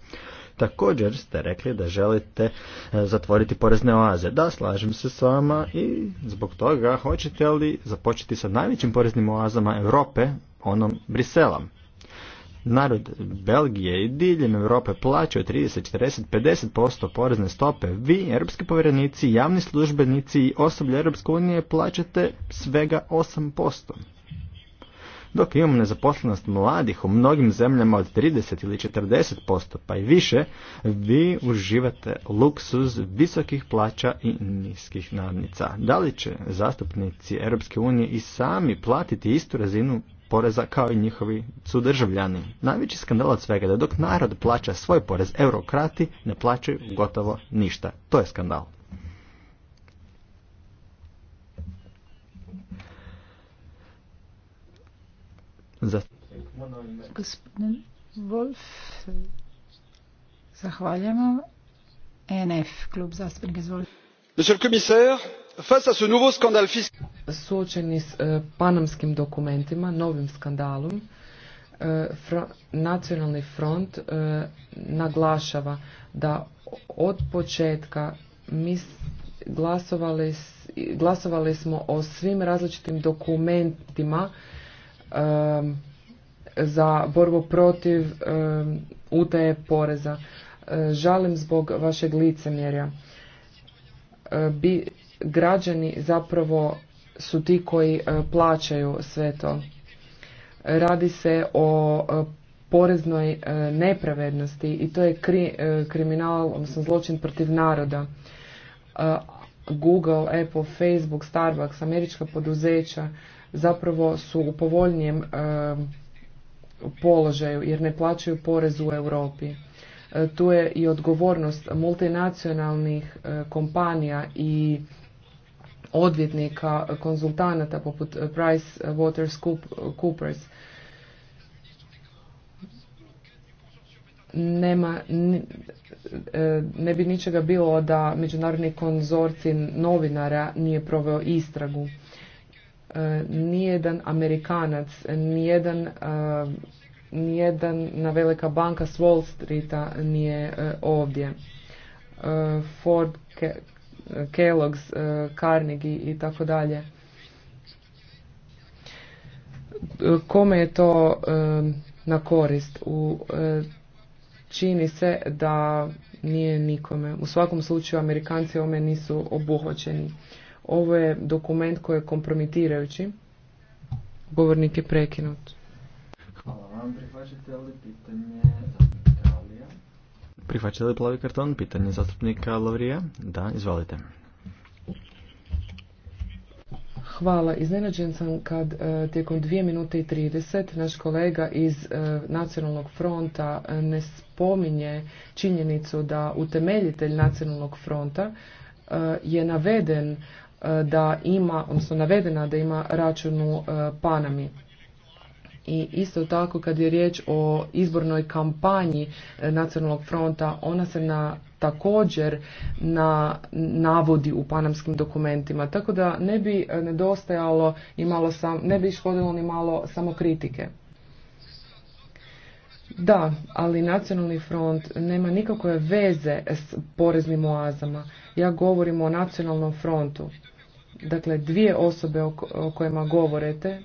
Također ste rekli da želite e, zatvoriti porezne oaze. Da, slažem se s vama i zbog toga hoćete li započeti sa najvećim poreznim oazama Europe, onom briselom Narod Belgije i diljem Europe plaćaju 30, 40, 50% porezne stope. Vi, europski povjerenici, javni službenici i osoblje Europske unije plaćate svega 8%. Dok imamo nezaposlenost mladih u mnogim zemljama od 30 ili 40% pa i više, vi uživate luksuz visokih plaća i niskih nadnica. Da li će zastupnici Europske unije i sami platiti istu razinu poreza kao i njihovi sudržavljani. Najveći skandal od svega da dok narod plaća svoj porez eurokrati ne plaćaju gotovo ništa. To je skandal. Za... Gospodin Wolf, zahvaljamo. E NF, klub zastupnika, izvolite. Monsieur le commissaire, face à ce nouveau scandale fiscal... Suočeni s e, panamskim dokumentima, novim skandalom, e, nacionalni front naglašava da od početka mi glasovali, glasovali smo o svim različitim dokumentima Um, za borbu protiv um, utaje poreza. Uh, žalim zbog vašeg licemjerja. Uh, bi, građani zapravo su ti koji uh, plaćaju sve to. Radi se o poreznoj nepravednosti i to je kriminal, odnosno zločin protiv naroda. Google, Apple, Facebook, Starbucks, američka poduzeća zapravo su u povoljnijem e, položaju jer ne plaćaju porez u Europi. E, tu je i odgovornost multinacionalnih e, kompanija i odvjetnika, konzultanata poput Price Waters Coopers. Nema, e, ne bi ničega bilo da međunarodni konzorcij novinara nije proveo istragu. E, nijedan Amerikanac, e, nijedan na velika banka s Wall Streeta nije e, ovdje. Ford, Kellogg's, Carnegie i tako dalje. Kome je to na korist? U, čini se da nije nikome. U svakom slučaju Amerikanci ome nisu obuhvaćeni. Ovo je dokument koji je kompromitirajući. Govornik je prekinut. Hvala vam. Prihvaćate li pitanje zastupnika Prihvaćate li plavi karton? Pitanje zastupnika Lovrija? Da, izvolite. Hvala. Iznenađen sam kad e, tijekom 2 minute i 30 naš kolega iz e, Nacionalnog fronta e, ne spominje činjenicu da utemeljitelj Nacionalnog fronta je naveden E, da ima, odnosno navedena da ima račun u e, Panami. I isto tako kad je riječ o izbornoj kampanji e, nacionalnog fronta, ona se na također na navodi u panamskim dokumentima. Tako da ne bi nedostajalo i sam, ne bi škodilo ni malo samo kritike. Da, ali nacionalni front nema nikakve veze s poreznim oazama. Ja govorim o nacionalnom frontu. Dakle, dvije osobe o, kojima govorite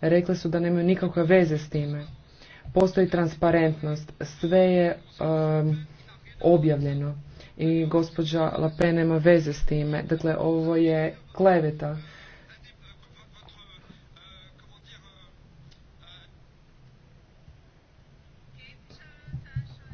rekle su da nemaju nikakve veze s time. Postoji transparentnost, sve je um, objavljeno i gospođa Lapen nema veze s time. Dakle, ovo je kleveta.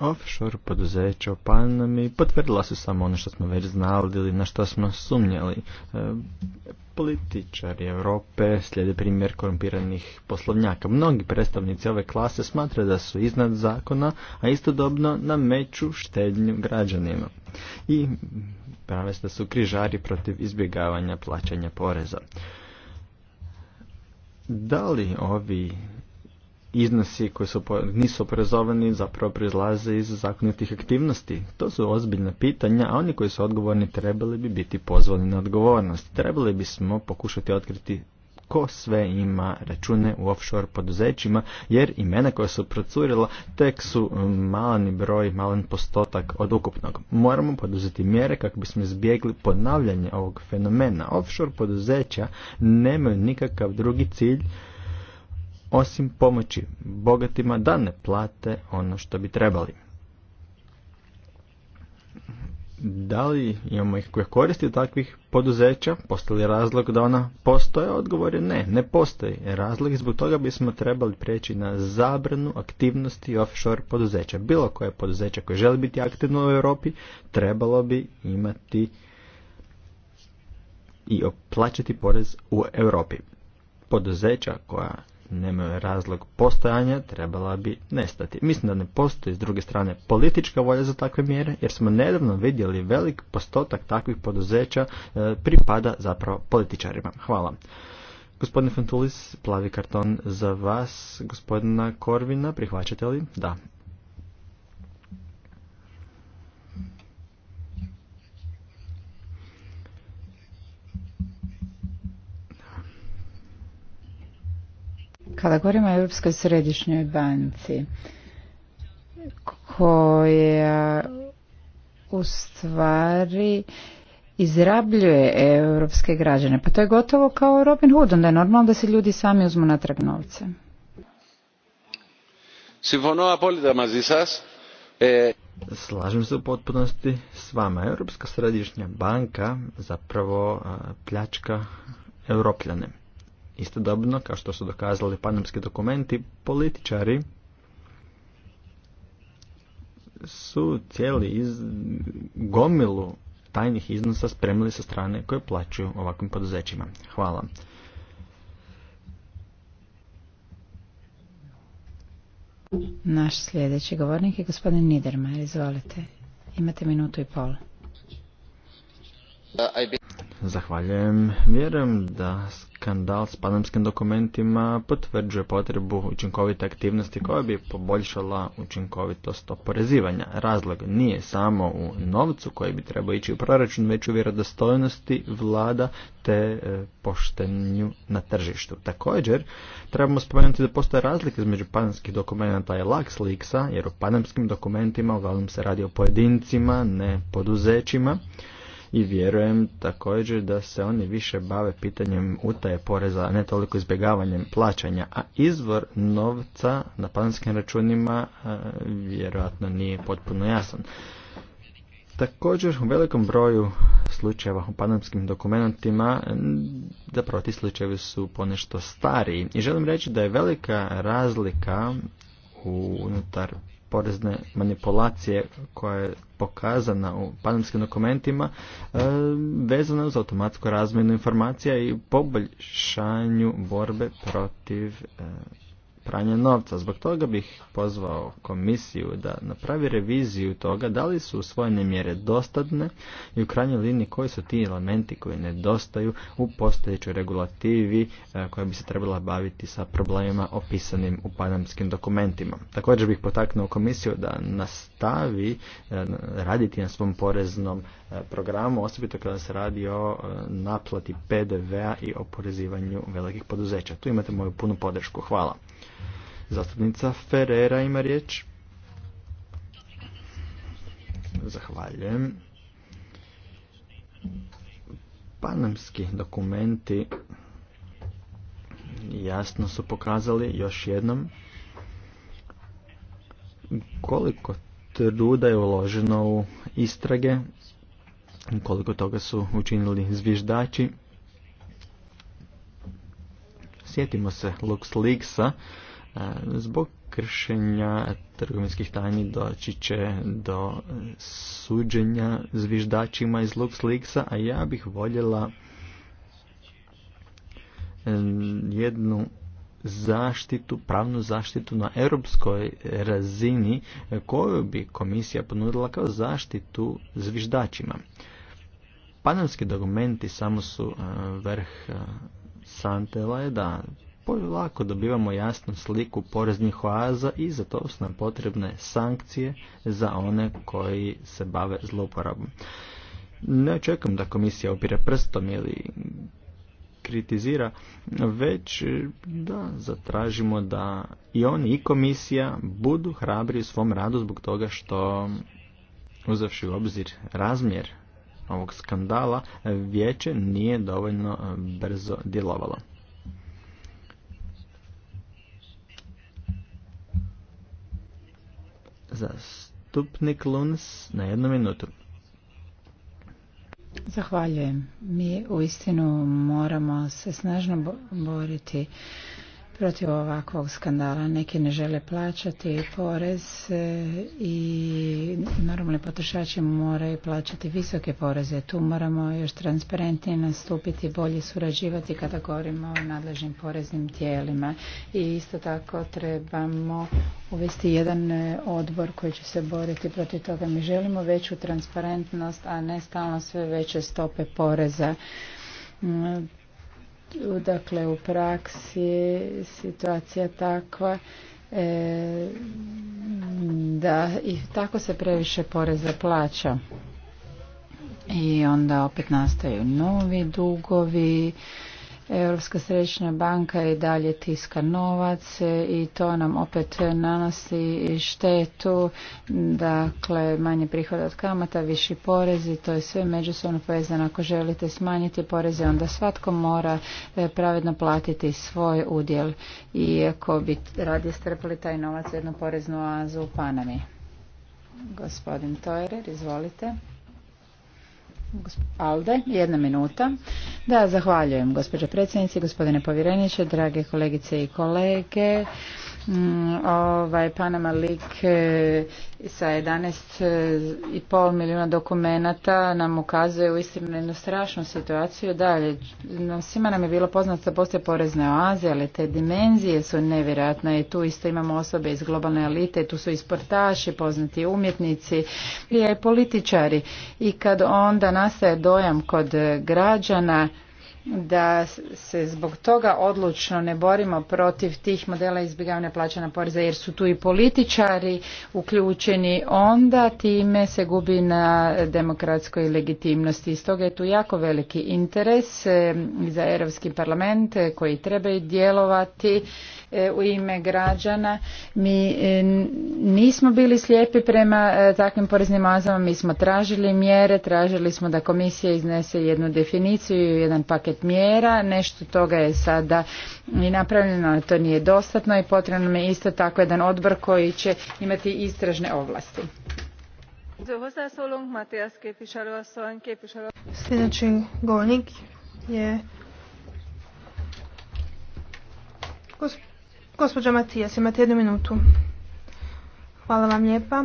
Offshore poduzeća u Panami potvrdila su samo ono što smo već znali ili na što smo sumnjali. E, političari Europe slijede primjer korumpiranih poslovnjaka. Mnogi predstavnici ove klase smatraju da su iznad zakona, a istodobno nameću štednju građanima. I prave da su križari protiv izbjegavanja plaćanja poreza. Da li ovi iznosi koji su, nisu oporezovani zapravo prizlaze iz zakonitih aktivnosti. To su ozbiljna pitanja, a oni koji su odgovorni trebali bi biti pozvani na odgovornost. Trebali bismo pokušati otkriti ko sve ima račune u offshore poduzećima, jer imena koja su procurila tek su um, malani broj, malen postotak od ukupnog. Moramo poduzeti mjere kako bismo izbjegli ponavljanje ovog fenomena. Offshore poduzeća nemaju nikakav drugi cilj osim pomoći bogatima da ne plate ono što bi trebali. Da li imamo ih koje koristi takvih poduzeća? Postoji li razlog da ona postoje? Odgovor je ne, ne postoji razlog i zbog toga bismo trebali preći na zabranu aktivnosti offshore poduzeća. Bilo koje poduzeće koje želi biti aktivno u Europi trebalo bi imati i oplaćati porez u Europi. Poduzeća koja nemaju razlog postojanja, trebala bi nestati. Mislim da ne postoji s druge strane politička volja za takve mjere, jer smo nedavno vidjeli velik postotak takvih poduzeća e, pripada zapravo političarima. Hvala. Gospodine Fantulis, plavi karton za vas, gospodina Korvina, prihvaćate li? Da, Kada govorimo o Europskoj središnjoj banci, koja u stvari izrabljuje europske građane. Pa to je gotovo kao Robin Hood, onda je normalno da se ljudi sami uzmu natrag novce. Slažem se u potpunosti s vama. Europska središnja banka zapravo pljačka europljane. Istodobno, kao što su dokazali panamski dokumenti, političari su cijeli iz gomilu tajnih iznosa spremili sa strane koje plaćaju ovakvim poduzećima. Hvala. Naš sljedeći govornik je gospodin Niedermayer. Izvolite. Imate minutu i pol. Zahvaljujem. Vjerujem da skandal s panamskim dokumentima potvrđuje potrebu učinkovite aktivnosti koja bi poboljšala učinkovitost oporezivanja. Razlog nije samo u novcu koji bi trebao ići u proračun, već u vjerodostojnosti vlada te e, poštenju na tržištu. Također, trebamo spomenuti da postoje razlike između panamskih dokumenta i liksa, jer u panamskim dokumentima uglavnom se radi o pojedincima, ne poduzećima, i vjerujem također da se oni više bave pitanjem utaje poreza, ne toliko izbjegavanjem plaćanja, a izvor novca na panskim računima e, vjerojatno nije potpuno jasan. Također u velikom broju slučajeva u panamskim dokumentima e, zapravo ti slučajevi su ponešto stariji i želim reći da je velika razlika unutar porezne manipulacije koja je pokazana u panamskim dokumentima e, vezana uz automatsku razmjenu informacija i poboljšanju borbe protiv e, pranje novca. Zbog toga bih pozvao komisiju da napravi reviziju toga da li su usvojene mjere dostatne i u krajnjoj liniji koji su ti elementi koji nedostaju u postojećoj regulativi e, koja bi se trebala baviti sa problemima opisanim u panamskim dokumentima. Također bih potaknuo komisiju da nastavi e, raditi na svom poreznom e, programu, osobito kada se radi o naplati PDV-a i oporezivanju velikih poduzeća. Tu imate moju punu podršku. Hvala. Zastupnica Ferrera ima riječ. Zahvaljujem. Panamski dokumenti jasno su pokazali još jednom koliko truda je uloženo u istrage, koliko toga su učinili zviždači. Sjetimo se LuxLeaksa, Zbog kršenja trgovinskih tajni doći će do suđenja zviždačima iz LuxLeaksa, a ja bih voljela jednu zaštitu, pravnu zaštitu na europskoj razini koju bi komisija ponudila kao zaštitu zviždačima. Panelski dokumenti samo su eh, vrh eh, santela je da polako dobivamo jasnu sliku poreznih oaza i za to su nam potrebne sankcije za one koji se bave zlouporabom. Ne očekujem da komisija opire prstom ili kritizira, već da zatražimo da i oni i komisija budu hrabri u svom radu zbog toga što uzavši u obzir razmjer ovog skandala, vijeće nije dovoljno e, brzo djelovalo. Zastupnik Luns na jednu minutu. Zahvaljujem. Mi u istinu moramo se snažno boriti protiv ovakvog skandala. Neki ne žele plaćati porez e, i normalni potrošači moraju plaćati visoke poreze. Tu moramo još transparentnije nastupiti, bolje surađivati kada govorimo o nadležnim poreznim tijelima. I isto tako trebamo uvesti jedan e, odbor koji će se boriti protiv toga. Mi želimo veću transparentnost, a ne stalno sve veće stope poreza mm, Dakle, u praksi je situacija takva e, da i tako se previše poreza plaća. I onda opet nastaju novi dugovi Europska središnja banka i dalje tiska novac e, i to nam opet nanosi štetu, dakle manje prihoda od kamata, viši porezi, to je sve međusobno povezano. Ako želite smanjiti poreze, onda svatko mora e, pravedno platiti svoj udjel, ako bi radi strpali taj novac u jednu poreznu oazu u Panami. Gospodin tojer izvolite. Alde, jedna minuta. Da, zahvaljujem gospođo predsjednici, gospodine povjereniče, drage kolegice i kolege. Mm, ovaj Panama Leak e, sa 11,5 milijuna dokumenata nam ukazuje u istinu jednu strašnu situaciju dalje. Svima nam je bilo poznato da postoje porezne oaze, ali te dimenzije su nevjerojatne i tu isto imamo osobe iz globalne elite, tu su i sportaši, poznati umjetnici i političari. I kad onda nastaje dojam kod građana da se zbog toga odlučno ne borimo protiv tih modela izbjegavanja plaćanja poreza jer su tu i političari uključeni onda time se gubi na demokratskoj legitimnosti i stoga je tu jako veliki interes eh, za Europski parlament eh, koji trebaju djelovati E, u ime građana. Mi e, nismo bili slijepi prema e, takvim poreznim oazama, mi smo tražili mjere, tražili smo da komisija iznese jednu definiciju, jedan paket mjera, nešto toga je sada i napravljeno, ali to nije dostatno i potrebno nam je isto tako jedan odbor koji će imati istražne ovlasti. Sljedeći govornik je Gospođa Matijas, imate jednu minutu. Hvala vam lijepa.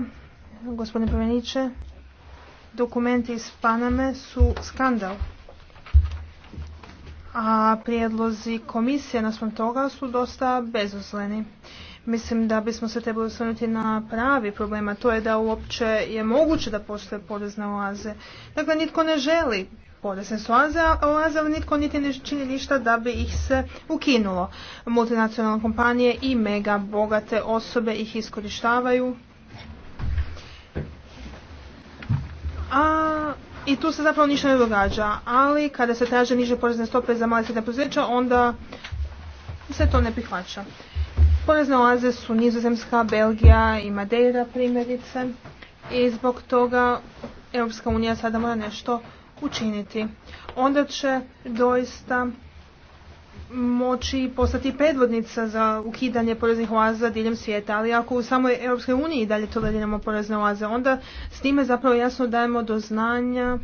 Gospodine Poveniće, dokumenti iz Paname su skandal. A prijedlozi komisije svom toga su dosta bezuzleni. Mislim da bismo se trebali osvrnuti na pravi problema, to je da uopće je moguće da postoje porezne oaze. Dakle, nitko ne želi porezne su oaze, ali nitko niti ne čini ništa da bi ih se ukinulo. Multinacionalne kompanije i mega bogate osobe ih iskorištavaju. A, I tu se zapravo ništa ne događa, ali kada se traže niže porezne stope za male srednje poduzeća, onda se to ne prihvaća. Porezne oaze su Nizozemska, Belgija i Madeira primjerice i zbog toga Europska unija sada mora nešto učiniti. Onda će doista moći postati predvodnica za ukidanje poreznih oaza diljem svijeta, ali ako u samoj Europskoj uniji dalje toleriramo porezne oaze, onda s time zapravo jasno dajemo do znanja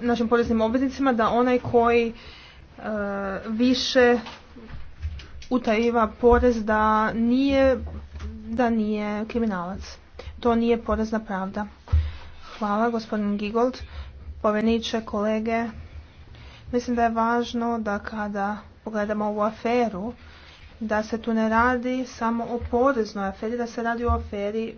našim poreznim obveznicima da onaj koji e, više utajiva porez da nije, da nije kriminalac. To nije porezna pravda. Hvala gospodin Gigold. Povjeniče, kolege. Mislim da je važno da kada pogledamo ovu aferu, da se tu ne radi samo o poreznoj aferi, da se radi o aferi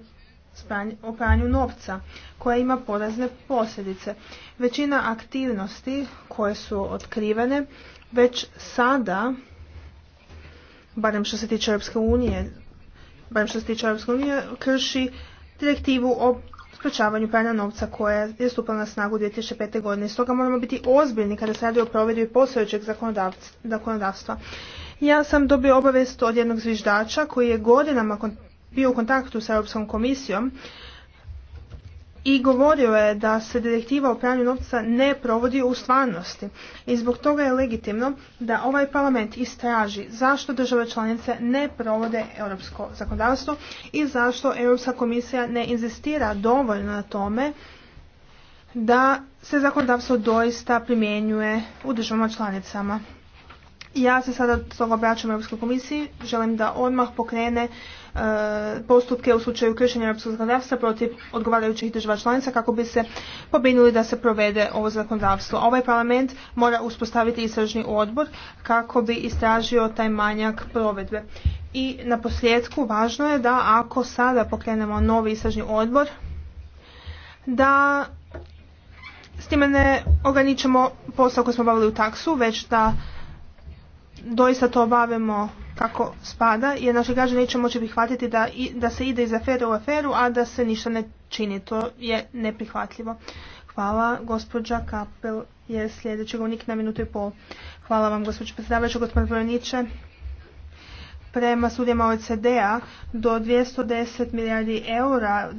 o pranju novca koja ima porazne posljedice. Većina aktivnosti koje su otkrivene već sada, barem što se tiče Europske unije, barem što se tiče Europske unije, krši direktivu o sprečavanju pranja novca koja je stupila na snagu 2005. godine. Stoga moramo biti ozbiljni kada se radi o provedbi postojećeg zakonodavstva. Ja sam dobio obavijest od jednog zviždača koji je godinama bio u kontaktu sa Europskom komisijom i govorio je da se direktiva o pranju novca ne provodi u stvarnosti i zbog toga je legitimno da ovaj parlament istraži zašto države članice ne provode europsko zakonodavstvo i zašto Europska komisija ne inzistira dovoljno na tome da se zakonodavstvo doista primjenjuje u državama članicama. Ja se sada toga obraćam Europskoj komisiji, želim da odmah pokrene E, postupke u slučaju kršenja europskog zakonodavstva protiv odgovarajućih država članica kako bi se pobinuli da se provede ovo zakonodavstvo. Ovaj parlament mora uspostaviti istražni odbor kako bi istražio taj manjak provedbe. I na posljedku važno je da ako sada pokrenemo novi istražni odbor, da s time ne ograničimo posao koji smo bavili u taksu, već da doista to obavimo kako spada, jer naši građani neće moći prihvatiti da, i, da se ide iz afere u aferu, a da se ništa ne čini. To je neprihvatljivo. Hvala, gospođa Kapel je sljedeći govornik na minutu i pol. Hvala vam, gospođo predstavljača, gospodine Vojniče. Prema sudjama OECD-a do 210 milijardi eura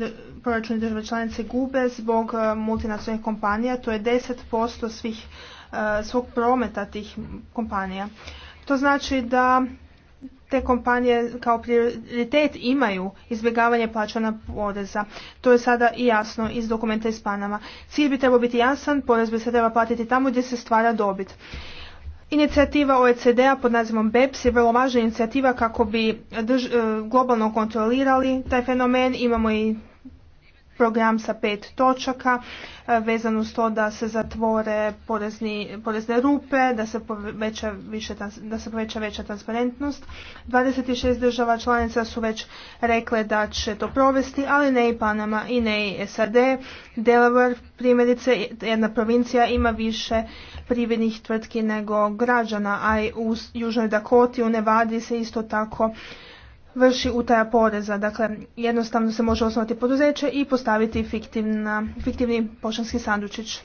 proračuni države članice gube zbog e, multinacionalnih kompanija. To je 10% svih, e, svog prometa tih kompanija. To znači da te kompanije kao prioritet imaju izbjegavanje plaćanja poreza. To je sada i jasno iz dokumenta iz Panama. Cilj bi trebao biti jasan, porez bi se treba platiti tamo gdje se stvara dobit. Inicijativa OECD-a pod nazivom BEPS je vrlo važna inicijativa kako bi e, globalno kontrolirali taj fenomen. Imamo i program sa pet točaka e, vezan uz to da se zatvore porezni, porezne rupe, da se poveća, više, da se poveća veća transparentnost. 26 država članica su već rekle da će to provesti, ali ne i Panama i ne i SAD. Delaware, primjerice, jedna provincija ima više privrednih tvrtki nego građana, a i u Južnoj Dakoti, u Nevadi se isto tako vrši utaja poreza. Dakle, jednostavno se može osnovati poduzeće i postaviti fiktivni poštanski sandučić.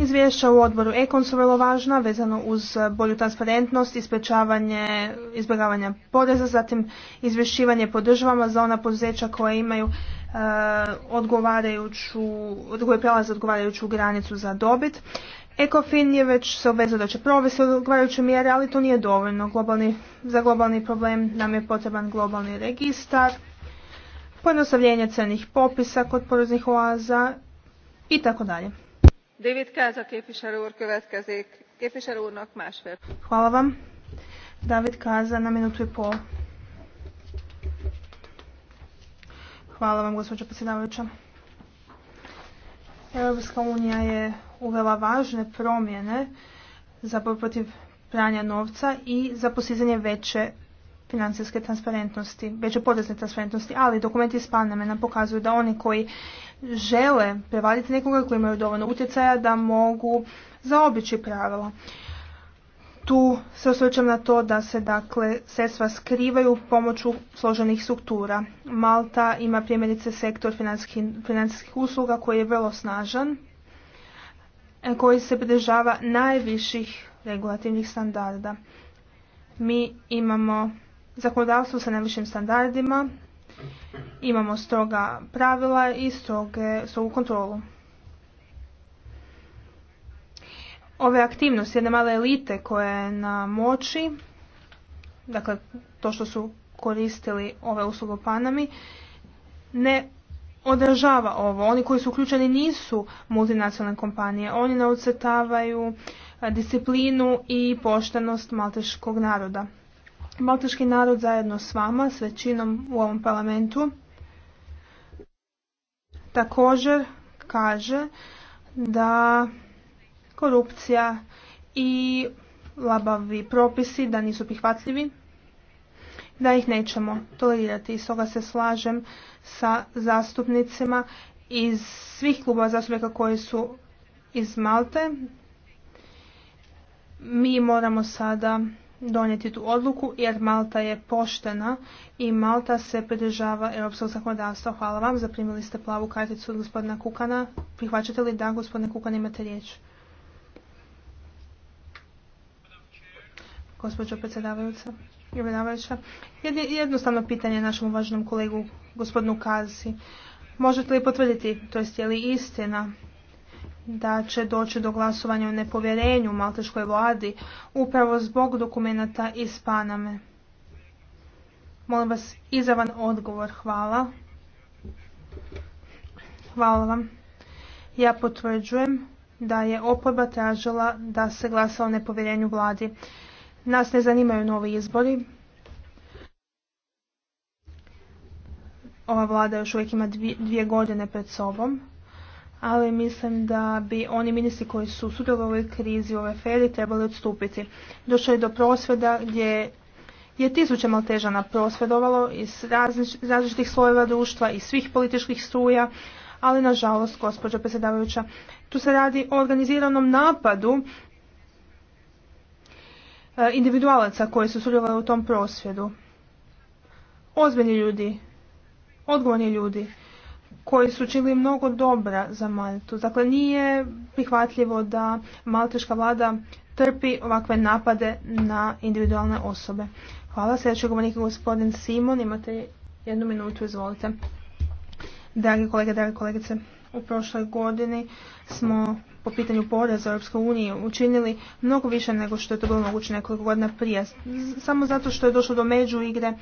Izvješća u odboru Ekon su vrlo važna, vezano uz bolju transparentnost, ispečavanje, izbjegavanje poreza, zatim izvješćivanje po državama za ona poduzeća koja imaju e, odgovarajuću, koje prelaze odgovarajuću granicu za dobit. ECOFIN je već se obvezao da će provesti odgovarajuće mjere, ali to nije dovoljno. za globalni problem nam je potreban globalni registar, pojednostavljenje cenih popisa kod poreznih oaza i tako dalje. David Kaza, képviselő következik. Képviselő Hvala vam. David Kaza na minutu i pol. Hvala vam, gospođo predsjedavajuća. Europska unija je uvela važne promjene za borbu protiv pranja novca i za postizanje veće financijske transparentnosti, veće porezne transparentnosti, ali dokumenti iz Paname pokazuju da oni koji žele prevariti nekoga koji imaju dovoljno utjecaja da mogu zaobići pravila. Tu se osvrćam na to da se dakle sredstva skrivaju pomoću složenih struktura. Malta ima primjerice sektor financijskih usluga koji je vrlo snažan E, koji se pridržava najviših regulativnih standarda. Mi imamo zakonodavstvo sa najvišim standardima, imamo stroga pravila i stroge, strogu kontrolu. Ove aktivnosti jedne male elite koje je na moći, dakle to što su koristili ove usluge u Panami, ne odražava ovo. Oni koji su uključeni nisu multinacionalne kompanije. Oni ne e, disciplinu i poštenost malteškog naroda. Malteški narod zajedno s vama, s većinom u ovom parlamentu, također kaže da korupcija i labavi propisi da nisu prihvatljivi da ih nećemo tolerirati. I stoga se slažem sa zastupnicima iz svih klubova zastupnika koji su iz Malte. Mi moramo sada donijeti tu odluku jer Malta je poštena i Malta se pridržava europskog zakonodavstva. Hvala vam, zaprimili ste plavu karticu od gospodina Kukana. Prihvaćate li da, gospodine Kukan, imate riječ? Gospođo predsjedavajuća jednostavno pitanje našem uvaženom kolegu gospodinu Kazi. Možete li potvrditi, to jest je li istina, da će doći do glasovanja o nepovjerenju malteškoj vladi upravo zbog dokumenata iz Paname? Molim vas, izavan odgovor. Hvala. Hvala vam. Ja potvrđujem da je oporba tražila da se glasa o nepovjerenju vladi. Nas ne zanimaju novi izbori. Ova vlada još uvijek ima dvije, godine pred sobom, ali mislim da bi oni ministri koji su sudjelovali u ovoj krizi, u ovoj feri, trebali odstupiti. Došlo je do prosvjeda gdje je tisuće maltežana prosvjedovalo iz različitih slojeva društva, i svih političkih struja, ali nažalost, gospođa predsjedavajuća, tu se radi o organiziranom napadu E, individualaca koji su sudjelovali u tom prosvjedu. Ozbiljni ljudi, odgovorni ljudi koji su činili mnogo dobra za Maltu. Dakle, nije prihvatljivo da malteška vlada trpi ovakve napade na individualne osobe. Hvala. Sljedeći govornik je gospodin Simon. Imate jednu minutu, izvolite. Dragi kolege, drage kolegice. U prošloj godini smo po pitanju poreza Europskoj uniji učinili mnogo više nego što je to bilo moguće nekoliko godina prije. Samo zato što je došlo do među igre e,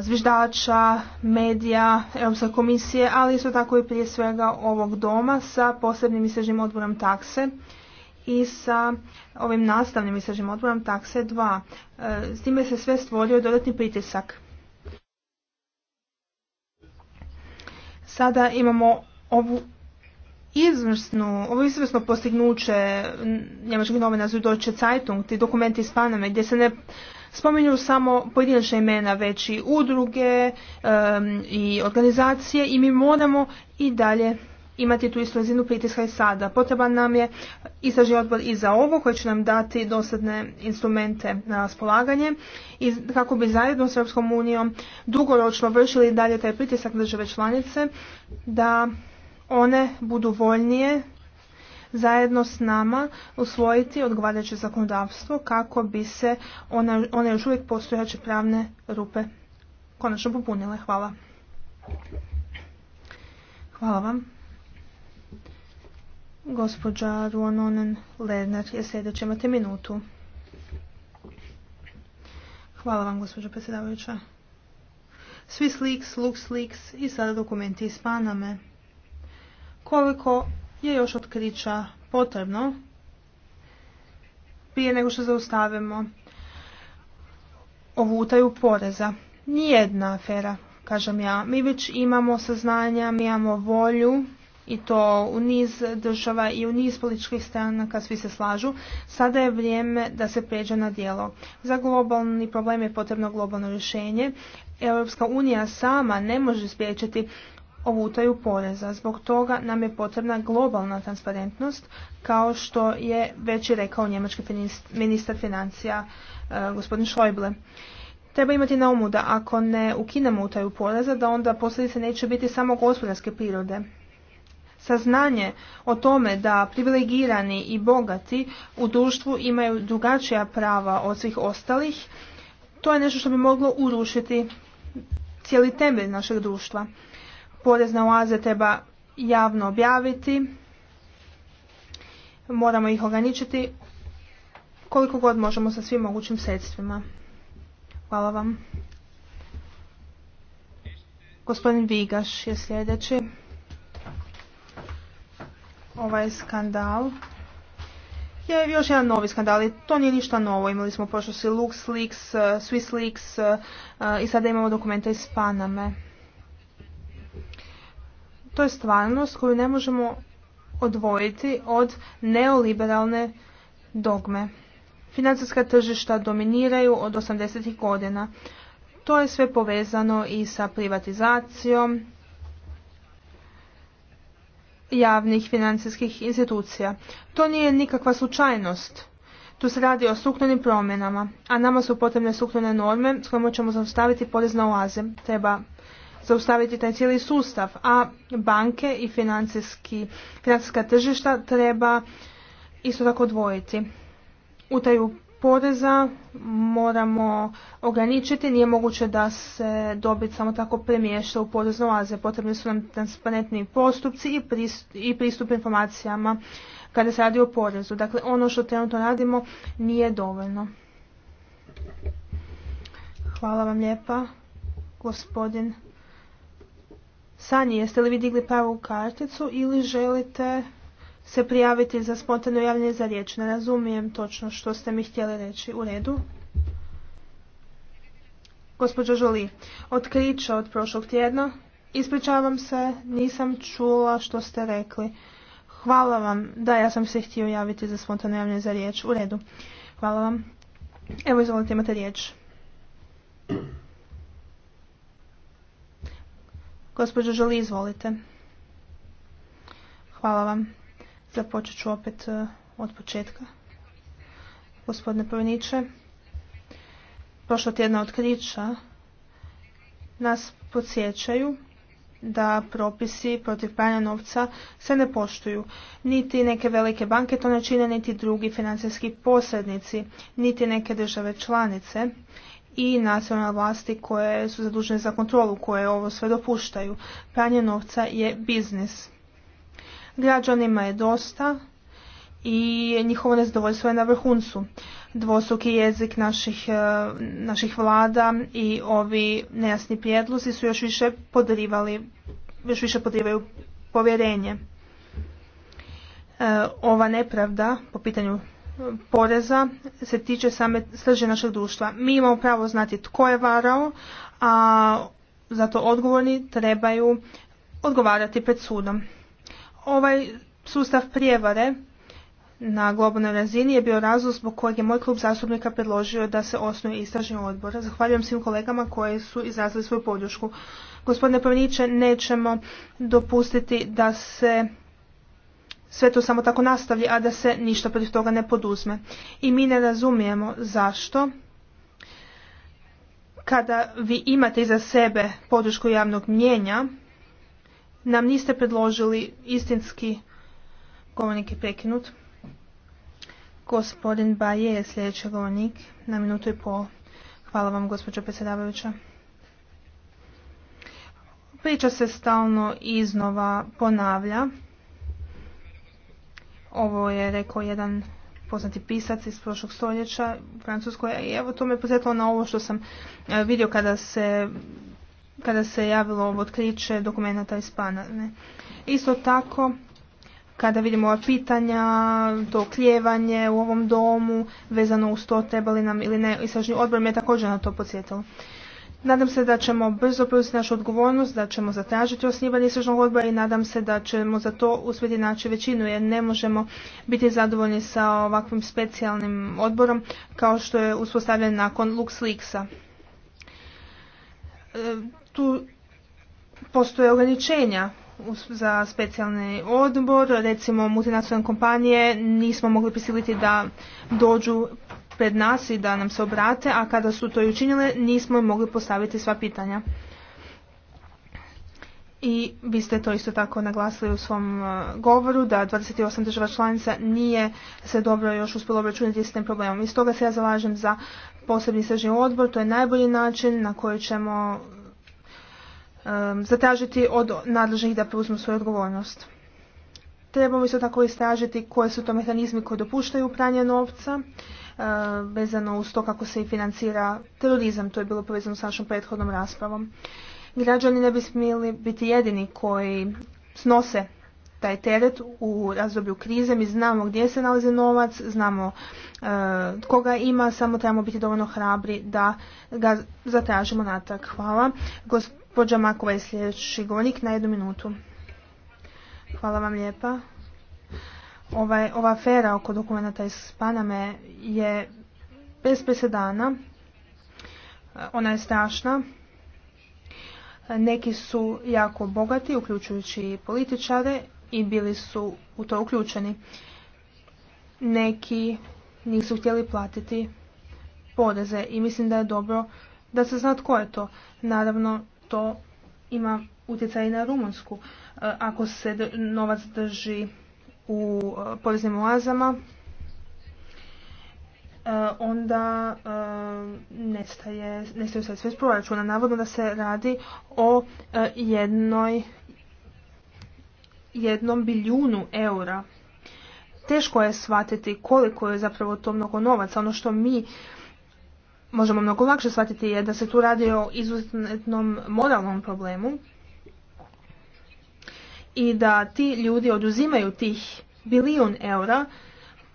zviždača, medija, Europske komisije, ali isto tako i prije svega ovog doma sa posebnim istražnim odborom takse i sa ovim nastavnim istražnim odborom takse 2. E, s time se sve stvorio dodatni pritisak. Sada imamo ovu izvrsnu, ovo izvrsno postignuće njemačkih novina Deutsche Zeitung, ti dokumenti iz Paname, gdje se ne spominju samo pojedinačna imena, već i udruge i organizacije i mi moramo i dalje imati tu istu razinu pritiska i sada. Potreban nam je istražni odbor i za ovo koji će nam dati dosadne instrumente na raspolaganje i kako bi zajedno s Europskom unijom dugoročno vršili dalje taj pritisak države članice da one budu voljnije zajedno s nama usvojiti odgovarajuće zakonodavstvo kako bi se one, još uvijek postojeće pravne rupe konačno popunile. Hvala. Hvala vam. Gospođa Ruononen Lerner je sljedeća, imate minutu. Hvala vam, gospođo predsjedavajuća. luk sliks i sada dokumenti iz Paname. Koliko je još otkrića potrebno prije nego što zaustavimo ovu utaju poreza? Nijedna afera, kažem ja. Mi već imamo saznanja, mi imamo volju, i to u niz država i u niz političkih stranaka svi se slažu, sada je vrijeme da se pređe na djelo. Za globalni problem je potrebno globalno rješenje. Europska unija sama ne može spriječiti ovu utaju poreza. Zbog toga nam je potrebna globalna transparentnost, kao što je već i rekao njemački ministar financija e, gospodin Schäuble. Treba imati na umu da ako ne ukinemo utaju poreza, da onda posljedice neće biti samo gospodarske prirode saznanje o tome da privilegirani i bogati u društvu imaju drugačija prava od svih ostalih, to je nešto što bi moglo urušiti cijeli temelj našeg društva. Porezne oaze treba javno objaviti, moramo ih ograničiti koliko god možemo sa svim mogućim sredstvima. Hvala vam. Gospodin Vigaš je sljedeći ovaj skandal je još jedan novi skandal i to nije ništa novo. Imali smo prošlosti LuxLeaks, eh, SwissLeaks eh, i sada imamo dokumenta iz Paname. To je stvarnost koju ne možemo odvojiti od neoliberalne dogme. Financijska tržišta dominiraju od 80. godina. To je sve povezano i sa privatizacijom, javnih financijskih institucija. To nije nikakva slučajnost. Tu se radi o strukturnim promjenama, a nama su potrebne strukturne norme s kojima ćemo zaustaviti na oaze. Treba zaustaviti taj cijeli sustav, a banke i financijska tržišta treba isto tako odvojiti. Utaju poreza moramo ograničiti. Nije moguće da se dobit samo tako premješta u porezno oaze. Potrebni su nam transparentni postupci i pristup informacijama kada se radi o porezu. Dakle, ono što trenutno radimo nije dovoljno. Hvala vam lijepa, gospodin Sanji. Jeste li vi digli pravu karticu ili želite se prijaviti za spontano javljanje za riječ. Ne razumijem točno što ste mi htjeli reći. U redu. Gospođo Žoli, otkrića od prošlog tjedna. Ispričavam se, nisam čula što ste rekli. Hvala vam. Da, ja sam se htio javiti za spontano javljanje za riječ. U redu. Hvala vam. Evo, izvolite, imate riječ. Gospođo Žoli, izvolite. Hvala vam. Započet ću opet e, od početka. Gospodine Proveniče, prošla tjedna otkrića nas podsjećaju da propisi protiv pranja novca se ne poštuju. Niti neke velike banke to ne čine, niti drugi financijski posrednici, niti neke države članice i nacionalne vlasti koje su zadužene za kontrolu, koje ovo sve dopuštaju. Pranje novca je biznis. Građanima je dosta i njihovo nezadovoljstvo je na vrhuncu. Dvosuki jezik naših, eh, naših vlada i ovi nejasni prijedlozi su još više podrivali, još više podrivaju povjerenje. Eh, ova nepravda po pitanju poreza se tiče same srže našeg društva. Mi imamo pravo znati tko je varao, a zato odgovorni trebaju odgovarati pred sudom. Ovaj sustav prijevare na globalnoj razini je bio razlog zbog kojeg je moj klub zastupnika predložio da se osnuje istražni odbor. Zahvaljujem svim kolegama koji su izrazili svoju podršku. Gospodine Pavniće, nećemo dopustiti da se sve to samo tako nastavi, a da se ništa protiv toga ne poduzme. I mi ne razumijemo zašto kada vi imate iza sebe podršku javnog mjenja, nam niste predložili istinski govornik je prekinut. Gospodin Baje je sljedeći govornik na minutu i pol. Hvala vam, gospođo predsjedavajuća. Priča se stalno iznova ponavlja. Ovo je rekao jedan poznati pisac iz prošlog stoljeća u Francuskoj. I evo to me posjetilo na ovo što sam e, vidio kada se kada se javilo ovo otkriće dokumenta iz panarne Isto tako, kada vidimo ova pitanja, to kljevanje u ovom domu, vezano uz to treba nam ili ne, istražni odbor mi je također na to podsjetilo. Nadam se da ćemo brzo preuzeti našu odgovornost, da ćemo zatražiti osnivanje istražnog odbora i nadam se da ćemo za to uspjeti naći većinu jer ne možemo biti zadovoljni sa ovakvim specijalnim odborom kao što je uspostavljen nakon LuxLeaksa. E, tu postoje ograničenja za specijalni odbor, recimo multinacionalne kompanije nismo mogli prisiliti da dođu pred nas i da nam se obrate, a kada su to i učinile nismo mogli postaviti sva pitanja. I vi ste to isto tako naglasili u svom uh, govoru da 28 država članica nije se dobro još uspjelo obračunati s tim problemom. I toga se ja zalažem za posebni sržni odbor, to je najbolji način na koji ćemo Um, zatražiti od nadležnih da preuzmu svoju odgovornost. Trebamo isto tako istražiti koje su to mehanizmi koji dopuštaju pranje novca uh, vezano uz to kako se i financira terorizam. To je bilo povezano s našom prethodnom raspravom. Građani ne bi smjeli biti jedini koji snose taj teret u razdoblju krize. Mi znamo gdje se nalazi novac, znamo uh, koga ima, samo trebamo biti dovoljno hrabri da ga zatražimo natrag. Hvala. Gospođa Makova je sljedeći govornik na jednu minutu. Hvala vam lijepa. Ovaj, ova afera oko dokumenta iz Paname je bez presedana. Ona je strašna. Neki su jako bogati, uključujući i političare, i bili su u to uključeni. Neki nisu htjeli platiti poreze i mislim da je dobro da se zna tko je to. Naravno, to ima utjecaj i na Rumunsku. E, ako se novac drži u e, poreznim oazama, e, onda nestaje, nestaju sredstva iz proračuna. Navodno da se radi o jednoj jednom biljunu eura. Teško je shvatiti koliko je zapravo to mnogo novaca. Ono što mi možemo mnogo lakše shvatiti je da se tu radi o izuzetnom moralnom problemu i da ti ljudi oduzimaju tih bilijun eura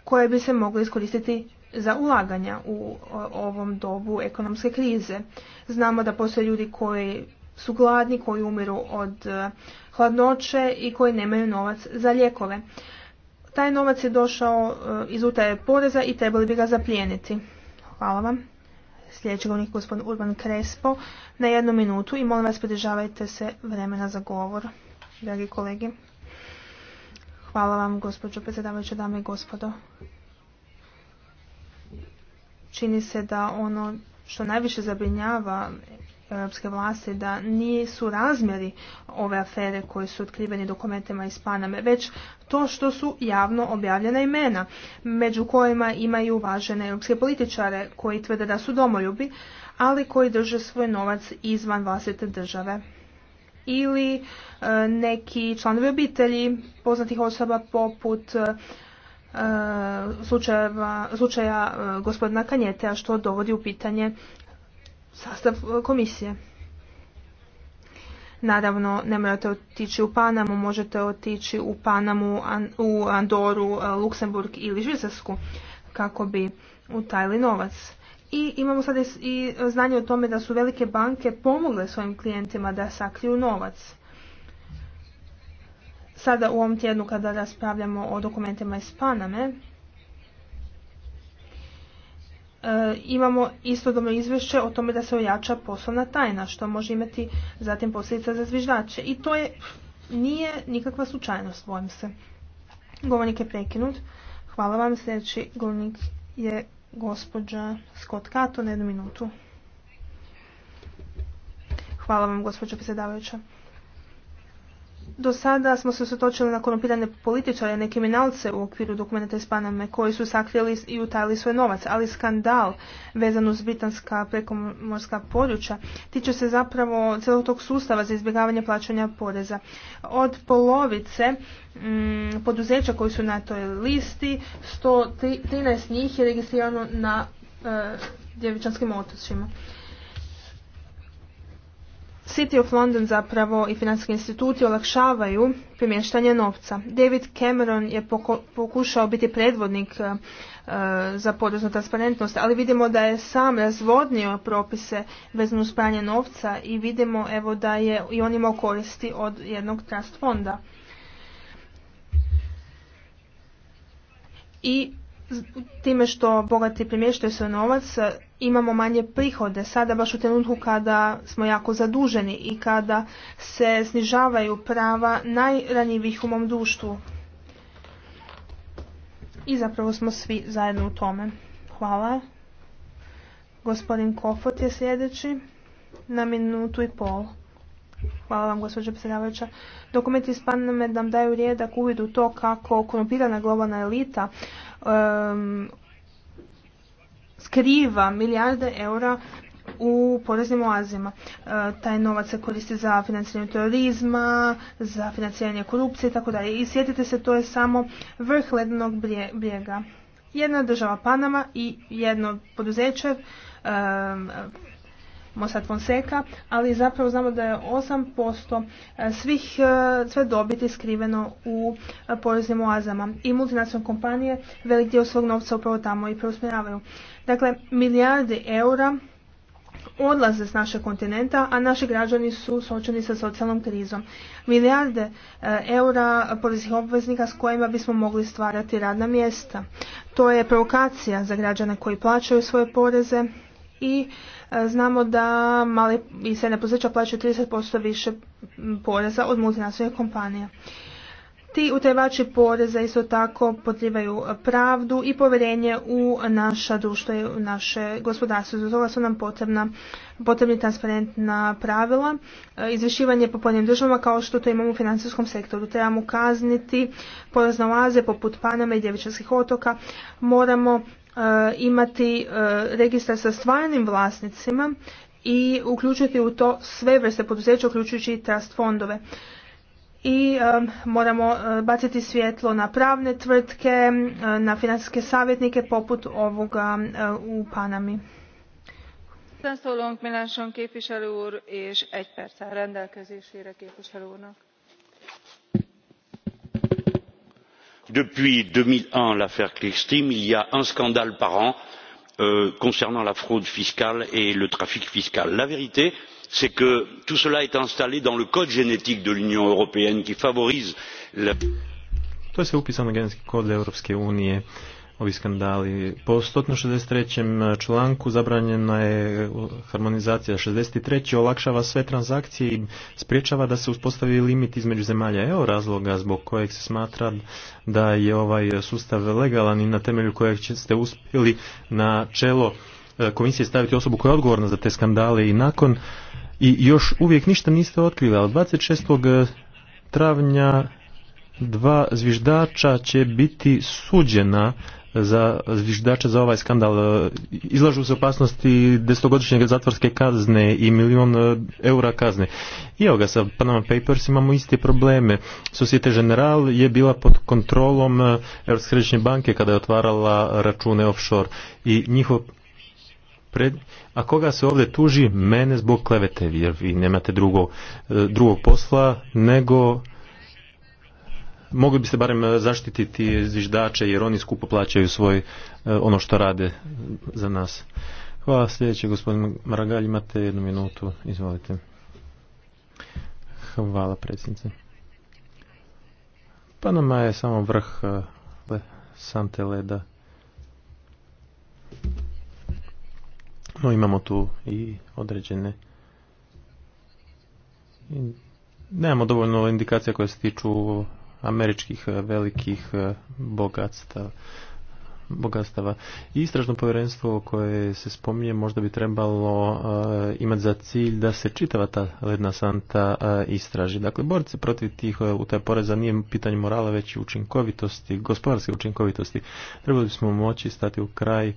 koje bi se mogli iskoristiti za ulaganja u ovom dobu ekonomske krize. Znamo da postoje ljudi koji su gladni, koji umiru od e, hladnoće i koji nemaju novac za lijekove. Taj novac je došao e, iz utaje poreza i trebali bi ga zaplijeniti. Hvala vam. Sljedeći govornik gospodin Urban Krespo na jednu minutu i molim vas pridržavajte se vremena za govor, dragi kolegi. Hvala vam gospođo predsjedavajuće dame i gospodo. Čini se da ono što najviše zabrinjava europske vlasti da nisu razmjeri ove afere koje su otkriveni dokumentima iz Paname, već to što su javno objavljena imena, među kojima imaju važene europske političare koji tvrde da su domoljubi, ali koji drže svoj novac izvan vlastite države ili e, neki članovi obitelji poznatih osoba poput e, e, slučaja gospodina Kanjetea što dovodi u pitanje sastav komisije. Naravno, ne morate otići u Panamu, možete otići u Panamu, u Andoru, e, Luksemburg ili Švicarsku kako bi utajili novac. I imamo sada i znanje o tome da su velike banke pomogle svojim klijentima da sakriju novac. Sada u ovom tjednu kada raspravljamo o dokumentima iz Paname, E, imamo istodobno izvješće o tome da se ojača poslovna tajna, što može imati zatim posljedica za zviždače. I to je nije nikakva slučajnost, bojim se. Govornik je prekinut. Hvala vam. Sljedeći govornik je gospođa Scott Kato na jednu minutu. Hvala vam, gospođo predsjedavajuća do sada smo se sotočili na korumpirane političare, ne kriminalce u okviru dokumenta iz Paname koji su sakrili i utajili svoj novac, ali skandal vezan uz britanska prekomorska područja tiče se zapravo celog tog sustava za izbjegavanje plaćanja poreza. Od polovice mm, poduzeća koji su na toj listi, 113 njih je registrirano na e, djevičanskim otočima. City of London zapravo i financijski instituti olakšavaju premještanje novca. David Cameron je pokušao biti predvodnik e, e, za poreznu transparentnost, ali vidimo da je sam razvodnio propise vezano uz pranje novca i vidimo evo da je i on imao koristi od jednog trust fonda. I time što bogati premještaju svoj novac, imamo manje prihode sada baš u trenutku kada smo jako zaduženi i kada se snižavaju prava najranjivih u mom društvu. I zapravo smo svi zajedno u tome. Hvala. Gospodin Kofot je sljedeći na minutu i pol. Hvala vam, gospođo predsjedavajuća. Dokumenti iz Paname nam daju rijedak uvid u to kako korumpirana globalna elita skriva milijarde eura u poreznim oazima. E, taj novac se koristi za financiranje terorizma, za financiranje korupcije itd. tako I sjetite se, to je samo vrh ledenog brijega. Jedna država Panama i jedno poduzeće e, Mosad Fonseca, ali zapravo znamo da je 8% e, svih e, sve dobiti skriveno u e, poreznim oazama i multinacionalne kompanije velik dio svog novca upravo tamo i preusmjeravaju. Dakle, milijarde eura odlaze s našeg kontinenta, a naši građani su suočeni sa socijalnom krizom. Milijarde eura poreznih obveznika s kojima bismo mogli stvarati radna mjesta. To je provokacija za građane koji plaćaju svoje poreze, i e, znamo da male i srednje poduzeća plaćaju 30% više poreza od multinacionalnih kompanija. Ti utajevači poreza isto tako potrivaju pravdu i povjerenje u naša društva i u naše gospodarstvo. Za toga su nam potrebna, potrebni transparentna pravila, e, izvješivanje po pojedinim državama kao što to imamo u financijskom sektoru. Trebamo kazniti porezne oaze poput Panama i Djevičarskih otoka. Moramo Eh, imati eh, registar sa stvarnim vlasnicima i uključiti u to sve vrste poduzeća, uključujući i trust fondove. I moramo eh, baciti svjetlo na pravne tvrtke, na financijske savjetnike poput ovoga u Panami. depuis deux mille un l'affaire clearstream il y a un scandale par an euh, concernant la fraude fiscale et le trafic fiscal. la vérité c'est que tout cela est installé dans le code génétique de l'union européenne qui favorise la ovi skandali. Po 163. članku zabranjena je harmonizacija. 63. olakšava sve transakcije i spriječava da se uspostavi limit između zemalja. Evo razloga zbog kojeg se smatra da je ovaj sustav legalan i na temelju kojeg ste uspjeli na čelo e, komisije staviti osobu koja je odgovorna za te skandale i nakon i još uvijek ništa niste otkrili, ali 26. E, travnja dva zviždača će biti suđena za zviždače za ovaj skandal. E, izlažu se opasnosti desetogodišnjeg zatvorske kazne i milijun e, eura kazne. I evo ga, sa Panama Papers imamo iste probleme. Societe General je bila pod kontrolom e, Europske banke kada je otvarala račune offshore. I njihov pred... A koga se ovdje tuži? Mene zbog klevete, jer vi nemate drugo, drugog posla nego mogli biste barem e, zaštititi zviždače jer oni skupo plaćaju svoj e, ono što rade e, za nas. Hvala sljedeće gospodin Maragalj, imate jednu minutu, izvolite. Hvala predsjednice. Panama je samo vrh sante leda. No imamo tu i određene nemamo dovoljno indikacija koje se tiču američkih e, velikih e, bogatstava. bogatstava. I istražno povjerenstvo koje se spominje možda bi trebalo e, imati za cilj da se čitava ta ledna santa istraži. Dakle, boriti se protiv tih taj poreza nije pitanje morala, već i učinkovitosti, gospodarske učinkovitosti. Trebali bismo moći stati u kraj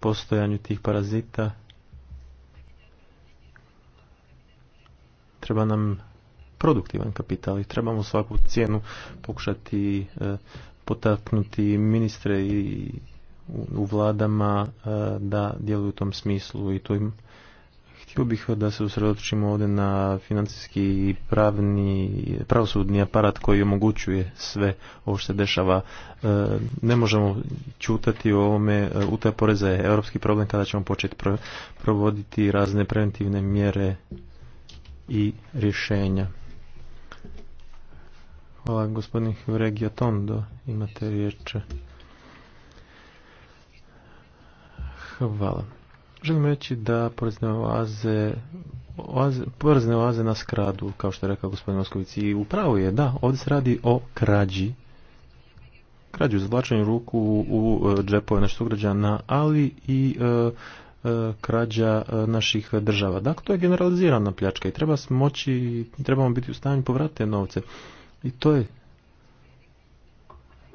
postojanju tih parazita treba nam produktivan kapital i trebamo svaku cijenu pokušati e, potaknuti ministre i u vladama e, da djeluju u tom smislu i to im Htio bih da se usredotočimo ovdje na financijski i pravni, pravosudni aparat koji omogućuje sve ovo što se dešava. E, ne možemo čutati o ovome, u je europski problem kada ćemo početi provoditi razne preventivne mjere i rješenja. Hvala gospodin Regija Tondo, imate riječe. Hvala. Želim reći da porezne oaze, oaze, porezne oaze nas kradu, kao što je rekao gospodin Osković. I upravo je, da, ovdje se radi o krađi. Krađu, zvlačenju ruku u, e, džepove naših sugrađana, ali i e, e, krađa naših država. Dakle, to je generalizirana pljačka i treba smoći, trebamo biti u stanju povratiti novce. I to je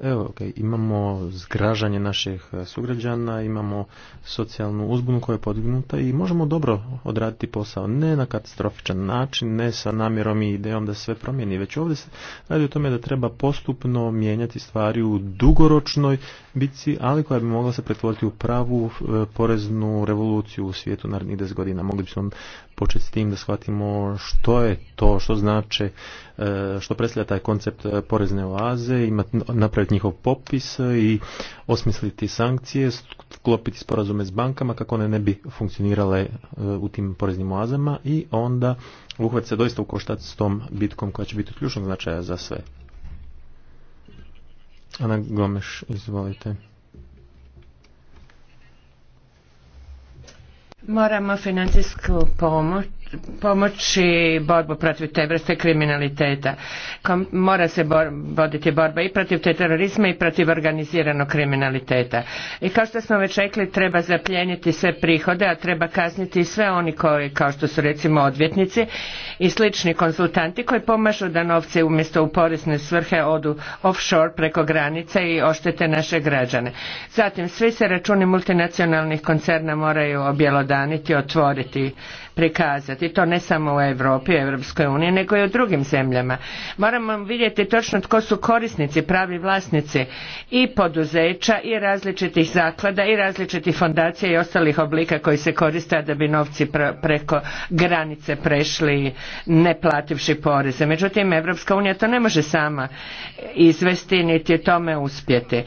Evo, okay, imamo zgražanje naših e, sugrađana, imamo socijalnu uzbunu koja je podignuta i možemo dobro odraditi posao. Ne na katastrofičan način, ne sa namjerom i idejom da se sve promijeni, već ovdje se radi o tome da treba postupno mijenjati stvari u dugoročnoj bici, ali koja bi mogla se pretvoriti u pravu e, poreznu revoluciju u svijetu narednih 10 godina. Mogli bismo početi s tim da shvatimo što je to, što znače E, što predstavlja taj koncept e, porezne oaze, imati, napraviti njihov popis e, i osmisliti sankcije, sklopiti sporazume s bankama kako one ne bi funkcionirale u tim poreznim oazama i onda uhvat se doista u koštac s tom bitkom koja će biti ključnog značaja za sve. Ana Gomeš, izvolite. Moramo financijsku pomoć pomoći borbu protiv te vrste kriminaliteta. mora se voditi borba i protiv te terorizma i protiv organiziranog kriminaliteta. I kao što smo već rekli, treba zapljeniti sve prihode, a treba kazniti sve oni koji, kao što su recimo odvjetnici i slični konzultanti koji pomažu da novce umjesto u porezne svrhe odu offshore preko granice i oštete naše građane. Zatim, svi se računi multinacionalnih koncerna moraju objelodaniti, otvoriti prikazati. To ne samo u Europi, Europskoj uniji, nego i u drugim zemljama. Moramo vidjeti točno tko su korisnici, pravi vlasnici i poduzeća i različitih zaklada i različitih fondacija i ostalih oblika koji se koriste da bi novci preko granice prešli ne plativši poreze. Međutim, Europska unija to ne može sama izvesti niti tome uspjeti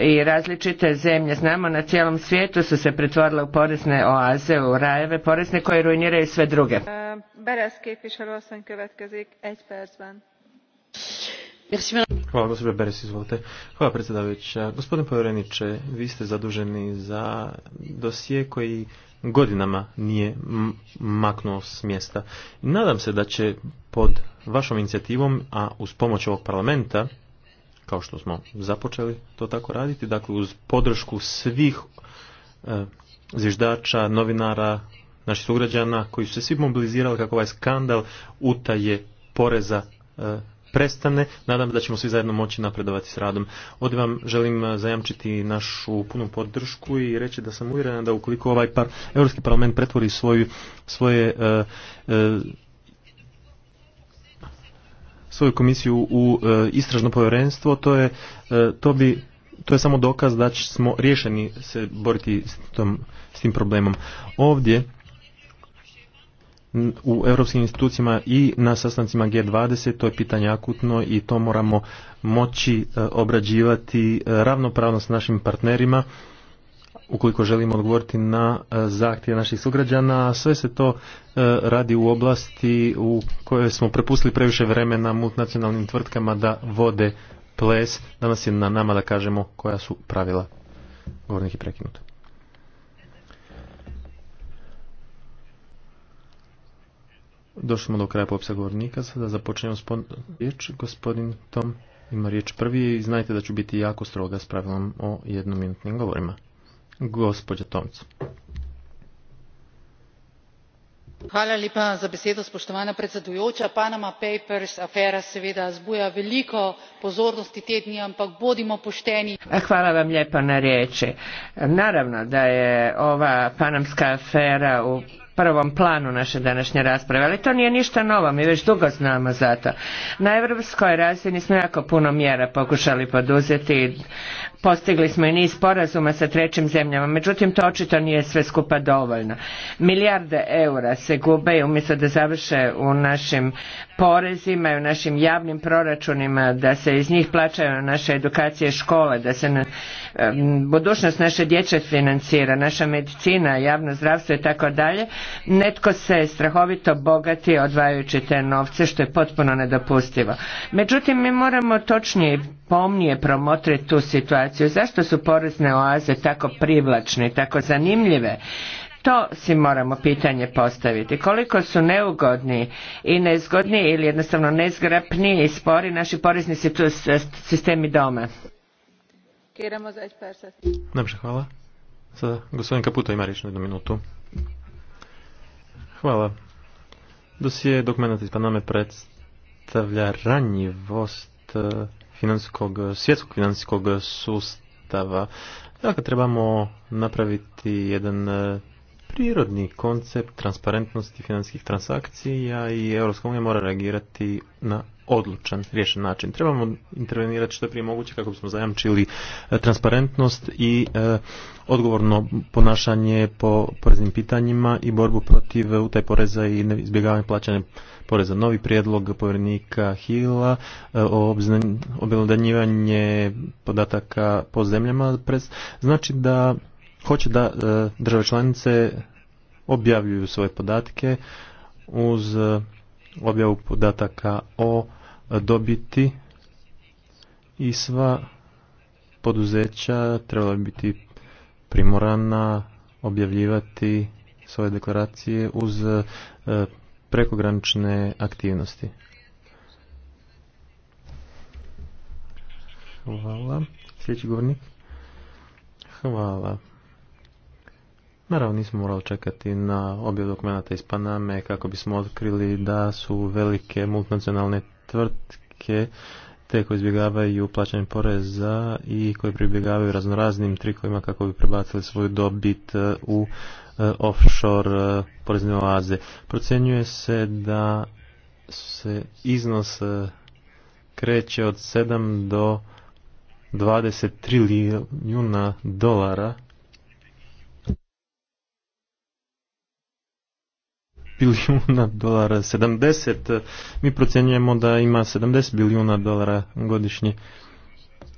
i različite zemlje, znamo na cijelom svijetu su se pretvorile u porezne oaze, u rajeve porezne koje ruiniraju sve druge. E, Hvala gospođo Beres, izvolite. Hvala predsjedavajuća. Gospodin povjereniče, vi ste zaduženi za dosije koji godinama nije maknuo s mjesta. Nadam se da će pod vašom inicijativom, a uz pomoć ovog parlamenta, kao što smo započeli to tako raditi, dakle uz podršku svih e, zviždača, novinara, naših sugrađana koji su se svi mobilizirali kako ovaj skandal utaje poreza e, prestane. Nadam se da ćemo svi zajedno moći napredovati s radom. Ovdje vam želim e, zajamčiti našu punu podršku i reći da sam uvjeren da ukoliko ovaj par, Europski parlament pretvori svoju, svoje e, e svoju komisiju u e, istražno povjerenstvo, to je, e, to bi, to je samo dokaz da smo riješeni se boriti s, tom, s tim problemom. Ovdje u europskim institucijama i na sastancima G20 to je pitanje akutno i to moramo moći e, obrađivati ravnopravno s našim partnerima ukoliko želimo odgovoriti na e, zahtjeve naših sugrađana, sve se to e, radi u oblasti u kojoj smo prepustili previše vremena multinacionalnim tvrtkama da vode ples. Danas je na nama da kažemo koja su pravila. Govornik i prekinuta Došli smo do kraja popisa govornika, sada započnemo s riječ. Gospodin Tom ima riječ prvi i znajte da ću biti jako stroga s pravilom o jednominutnim govorima. Gospođa Tomca. Hvala lepa za besedo, spoštovana predsedujoča. Panama Papers afera seveda zbuja veliko pozornosti te dni, ampak bodimo pošteni. Eh, hvala vam lijepa na riječi. Naravno da je ova panamska afera u prvom planu naše današnje rasprave, ali to nije ništa novo, mi već dugo znamo to. Na europskoj razini smo jako puno mjera pokušali poduzeti postigli smo i niz sporazuma sa trećim zemljama, međutim to očito nije sve skupa dovoljno. Milijarde eura se gube i umjesto da završe u našim porezima i u našim javnim proračunima, da se iz njih plaćaju naše edukacije škole, da se budućnost naše djece financira, naša medicina, javno zdravstvo i tako dalje, netko se strahovito bogati odvajajući te novce što je potpuno nedopustivo. Međutim, mi moramo točnije i pomnije promotriti tu situaciju situaciju. Zašto su porezne oaze tako privlačne, tako zanimljive? To si moramo pitanje postaviti. Koliko su neugodni i nezgodni ili jednostavno nezgrapni i spori naši porezni sistemi doma? Dobro, hvala. Sada gospodin Kaputa ima riječ na jednu minutu. Hvala. Dosije dokumenta iz Paname predstavlja ranjivost eh, financijskog, svjetskog financijskog sustava. Dakle, trebamo napraviti jedan prirodni koncept transparentnosti financijskih transakcija i EU mora reagirati na odlučan, riješen način. Trebamo intervenirati što je prije moguće kako bismo zajamčili e, transparentnost i e, odgovorno ponašanje po poreznim pitanjima i borbu protiv utaj poreza i izbjegavanje plaćanja poreza. Novi prijedlog povjernika Hila e, o objelodanjivanje podataka po zemljama znači da hoće da e, države članice objavljuju svoje podatke uz e, objavu podataka o dobiti i sva poduzeća trebala bi biti primorana objavljivati svoje deklaracije uz e, prekogranične aktivnosti. Hvala. Sljedeći govornik. Hvala. Naravno nismo morali čekati na obje dokumenta iz Paname kako bismo otkrili da su velike multinacionalne tvrtke te koje izbjegavaju plaćanje poreza i koje pribjegavaju raznoraznim trikovima kako bi prebacili svoju dobit e, u e, offshore e, porezne oaze. Procjenjuje se da se iznos kreće od 7 do 20 trilijuna dolara bilijuna dolara, 70, mi procjenjujemo da ima 70 bilijuna dolara godišnje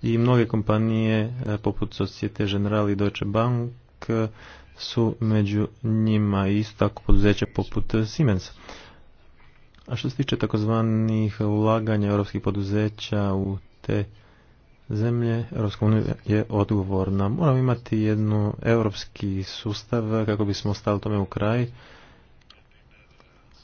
i mnoge kompanije e, poput Societe General i Deutsche Bank e, su među njima isto tako poduzeće poput e, Siemens. A što se tiče takozvanih ulaganja europskih poduzeća u te zemlje, Europska unija je odgovorna. Moramo imati jednu europski sustav kako bismo ostali tome u kraj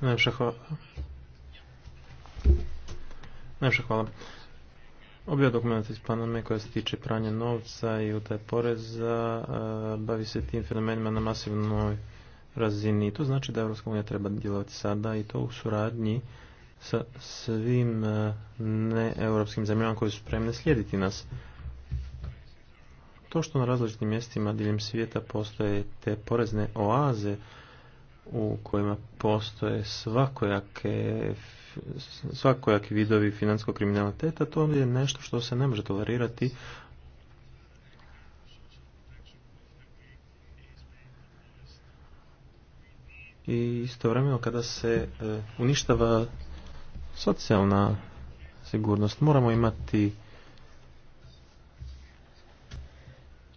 Najviše hvala. hvala. Obje dokumenta iz Paname koja se tiče pranja novca i utaje poreza bavi se tim fenomenima na masivnoj razini. I to znači da Europska unija treba djelovati sada i to u suradnji sa svim neeuropskim zemljama koje su spremne slijediti nas. To što na različitim mjestima diljem svijeta postoje te porezne oaze, u kojima postoje svakojake svakojaki vidovi financijskog kriminaliteta, to je nešto što se ne može tolerirati i istovremeno kada se e, uništava socijalna sigurnost moramo imati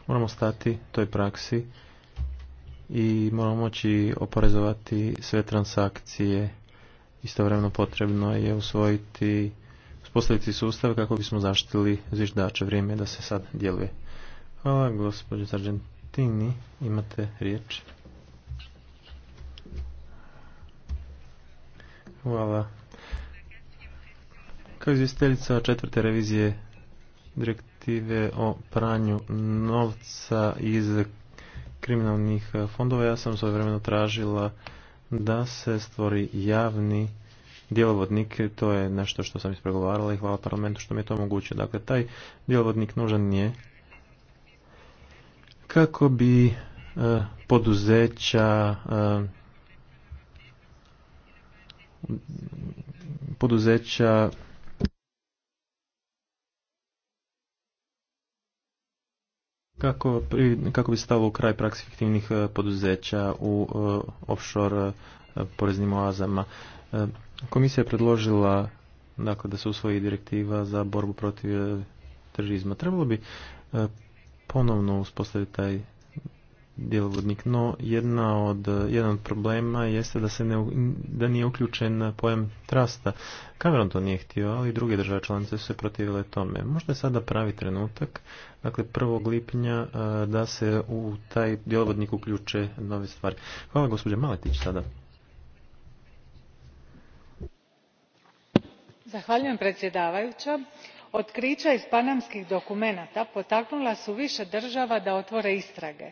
moramo stati toj praksi i moramo moći oporezovati sve transakcije. Istovremeno potrebno je usvojiti, uspostaviti sustav kako bismo zaštili zviždače. Vrijeme da se sad djeluje. Hvala gospođo Sargentini, imate riječ. Hvala. Kao izvjestiteljica četvrte revizije direktive o pranju novca iz kriminalnih e, fondova, ja sam svoje vremeno tražila da se stvori javni djelovodnik, to je nešto što sam ispregovarala i hvala parlamentu što mi je to omogućio. Dakle, taj djelovodnik nužan nije. kako bi e, poduzeća e, poduzeća Kako, kako bi stalo u kraj praksi fiktivnih e, poduzeća u e, offshore e, poreznim oazama? Komisija je predložila dakle, da se usvoji direktiva za borbu protiv terorizma. Trebalo bi ponovno uspostaviti taj djelovodnik. No, jedna od, jedan od problema jeste da, se ne, da nije uključen pojam trasta. Cameron to nije htio, ali i druge države članice su se protivile tome. Možda je sada pravi trenutak, dakle 1. lipnja, da se u taj djelovodnik uključe nove stvari. Hvala gospođa Maletić sada. Zahvaljujem predsjedavajuća otkrića iz panamskih dokumenata potaknula su više država da otvore istrage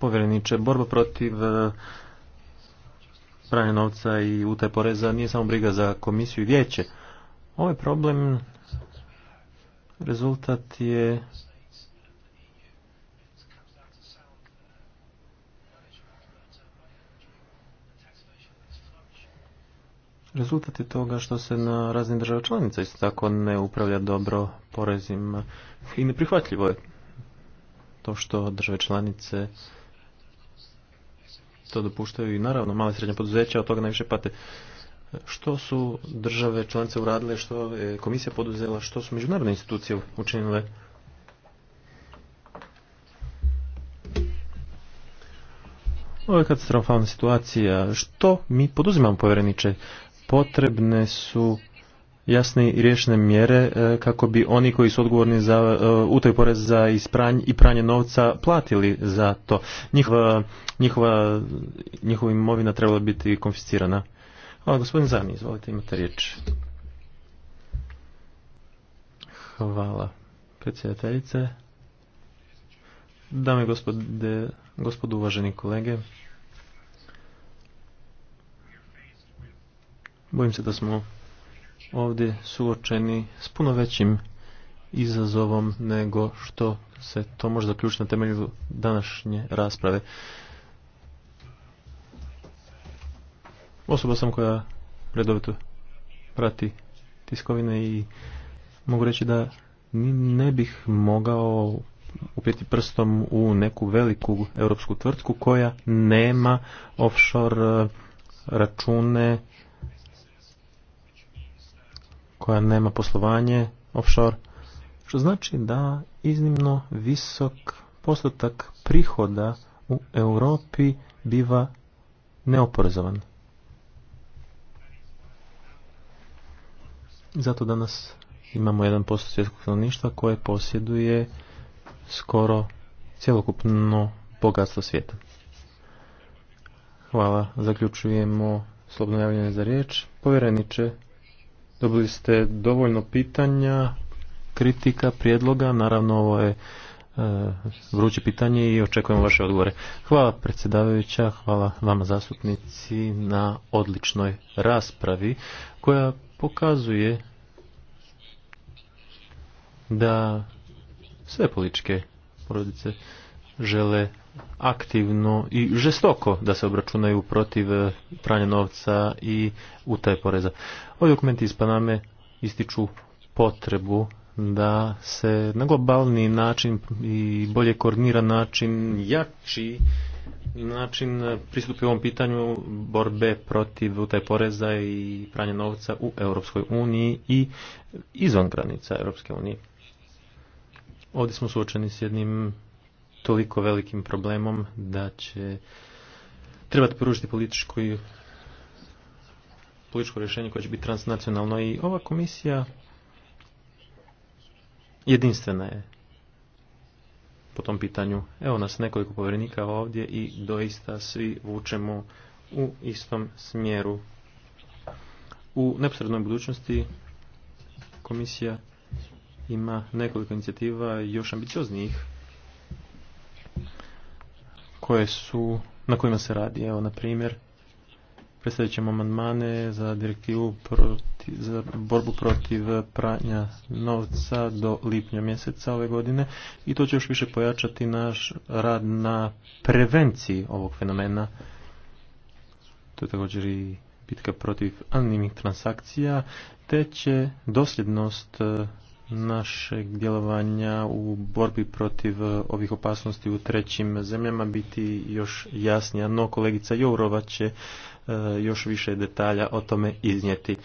povjereniče. Borba protiv e, pranja novca i utaj poreza nije samo briga za komisiju i vijeće. Ovaj problem rezultat je Rezultat je toga što se na raznim država članica isto tako ne upravlja dobro porezima i neprihvatljivo je to što države članice to dopuštaju i naravno male i srednje poduzeća od toga najviše pate. Što su države članice uradile, što je komisija poduzela, što su međunarodne institucije učinile? Ovo je katastrofalna situacija. Što mi poduzimamo povjereniče? Potrebne su jasne i riješene mjere e, kako bi oni koji su odgovorni za e, utaj poreza i pranje novca platili za to. Njihova, njihova, njihova imovina trebala biti konfiscirana. Hvala, gospodin Zani, izvolite, imate riječ. Hvala, predsjedateljice. Dame i gospode, gospodu uvaženi kolege, bojim se da smo ovdje suočeni s puno većim izazovom nego što se to može zaključiti na temelju današnje rasprave. Osoba sam koja redovito prati tiskovine i mogu reći da ne bih mogao upjeti prstom u neku veliku europsku tvrtku koja nema offshore eh, račune koja nema poslovanje offshore, što znači da iznimno visok postotak prihoda u Europi biva neoporezovan. Zato danas imamo jedan posto svjetskog stanovništva koje posjeduje skoro cjelokupno bogatstvo svijeta. Hvala. Zaključujemo slobodno javljanje za riječ. Povjereniče, Dobili ste dovoljno pitanja, kritika, prijedloga. Naravno, ovo je e, vruće pitanje i očekujemo vaše odgovore. Hvala predsjedavajuća, hvala vama zastupnici na odličnoj raspravi koja pokazuje da sve političke porodice žele aktivno i žestoko da se obračunaju protiv eh, pranja novca i utaje poreza. Ovi dokumenti iz Paname ističu potrebu da se na globalni način i bolje koordiniran način jači način pristupi ovom pitanju borbe protiv utaje poreza i pranja novca u Europskoj uniji i izvan granica Europske unije. Ovdje smo suočeni s jednim toliko velikim problemom da će trebati pružiti političko rješenje koje će biti transnacionalno i ova komisija jedinstvena je po tom pitanju. Evo nas nekoliko povjerenika ovdje i doista svi vučemo u istom smjeru. U neposrednoj budućnosti komisija ima nekoliko inicijativa još ambicioznijih koje su, na kojima se radi. Evo, na primjer, predstavit ćemo amandmane za direktivu za borbu protiv pranja novca do lipnja mjeseca ove godine i to će još više pojačati naš rad na prevenciji ovog fenomena. To je također i bitka protiv anonimnih transakcija, te će dosljednost našeg djelovanja u borbi protiv e, ovih opasnosti u trećim zemljama biti još jasnija, no kolegica Jourova će e, još više detalja o tome iznijeti.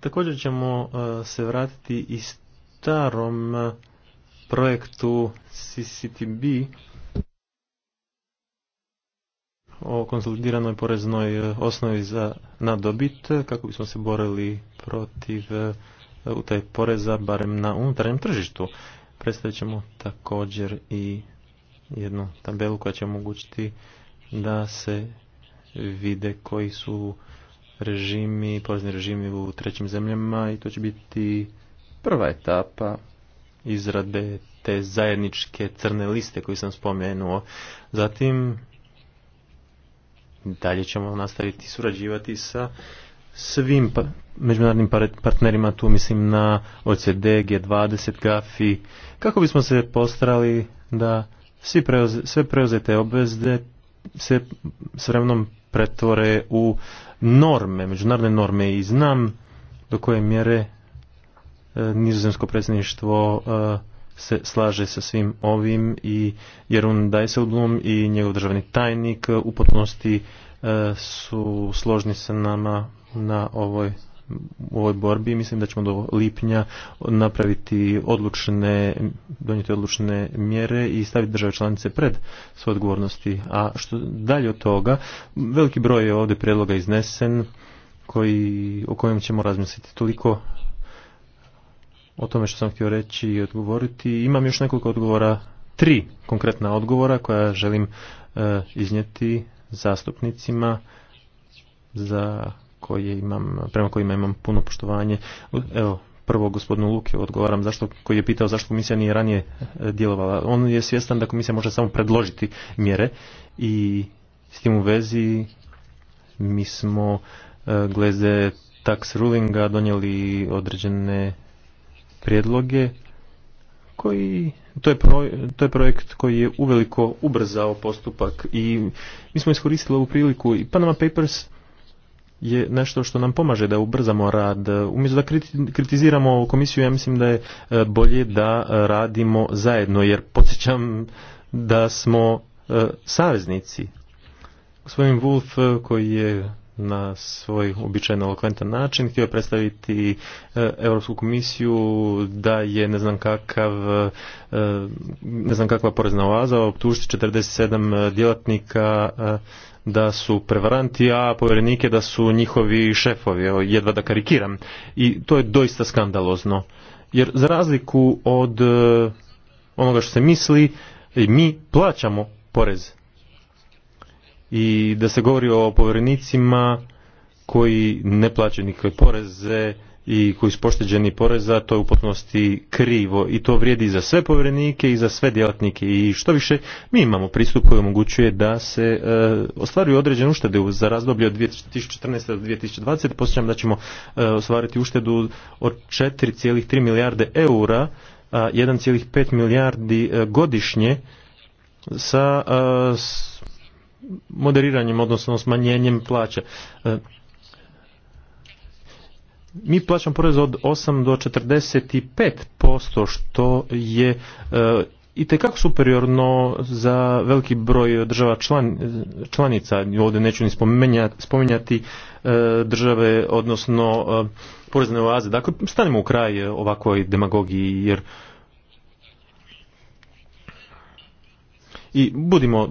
Također ćemo e, se vratiti i starom projektu CCTB o konsolidiranoj poreznoj osnovi za nadobit kako bismo se borili protiv utaje poreza, barem na unutarnjem tržištu. Predstavit ćemo također i jednu tabelu koja će omogućiti da se vide koji su režimi, porezni režimi u trećim zemljama i to će biti prva etapa izrade te zajedničke crne liste koju sam spomenuo. Zatim dalje ćemo nastaviti surađivati sa svim pa- međunarodnim partnerima, tu mislim na OCD, G20, GAFI, kako bismo se postarali da svi sve preuzete obvezde se s vremenom pretvore u norme, međunarodne norme i znam do koje mjere e, nizozemsko predsjedništvo e, se slaže sa svim ovim i Jerun Dijsselblom i njegov državni tajnik u potpunosti e, su složni sa nama na ovoj u ovoj borbi. Mislim da ćemo do lipnja napraviti odlučne, donijeti odlučne mjere i staviti države članice pred svoje odgovornosti. A što dalje od toga, veliki broj je ovdje prijedloga iznesen koji, o kojem ćemo razmisliti. Toliko o tome što sam htio reći i odgovoriti. Imam još nekoliko odgovora, tri konkretna odgovora koja želim e, iznijeti zastupnicima za koje imam, prema kojima imam puno poštovanje. Evo, prvo gospodinu Luke odgovaram zašto, koji je pitao zašto komisija nije ranije e, djelovala. On je svjestan da komisija može samo predložiti mjere i s tim u vezi mi smo e, glede tax rulinga donijeli određene prijedloge koji to je, to je projekt koji je uveliko ubrzao postupak i mi smo iskoristili ovu priliku i Panama Papers je nešto što nam pomaže da ubrzamo rad. Umjesto da kritiziramo komisiju, ja mislim da je e, bolje da e, radimo zajedno, jer podsjećam da smo e, saveznici. Gospodin Wolf, koji je na svoj običajno elokventan način htio predstaviti Europsku komisiju da je ne znam kakav ne znam kakva porezna oaza optužiti 47 djelatnika da su prevaranti, a povjerenike da su njihovi šefovi, jedva da karikiram. I to je doista skandalozno. Jer za razliku od e, onoga što se misli, mi plaćamo porez. I da se govori o povjerenicima koji ne plaćaju nikakve poreze, i koji su pošteđeni poreza, to je u potpunosti krivo i to vrijedi i za sve povjerenike i za sve djelatnike i što više mi imamo pristup koji omogućuje da se e, ostvaruju određene uštede za razdoblje od 2014. do 2020. Posjećam da ćemo e, ostvariti uštedu od 4,3 milijarde eura, a 1,5 milijardi e, godišnje sa e, s moderiranjem, odnosno smanjenjem plaća mi plaćamo porez od 8 do 45%, što je e, i tekako superiorno za veliki broj država član, članica. Ovdje neću ni spominjati, spominjati e, države, odnosno e, porezne oaze. Dakle, stanimo u kraj ovakvoj demagogiji, jer i budimo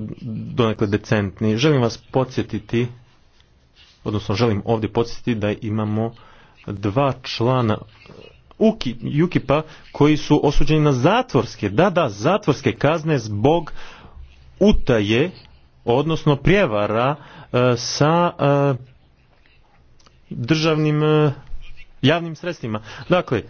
donekle decentni. Želim vas podsjetiti, odnosno želim ovdje podsjetiti da imamo dva člana ukip koji su osuđeni na zatvorske, da, da, zatvorske kazne zbog utaje, odnosno prijevara e, sa e, državnim e, javnim sredstvima. Dakle,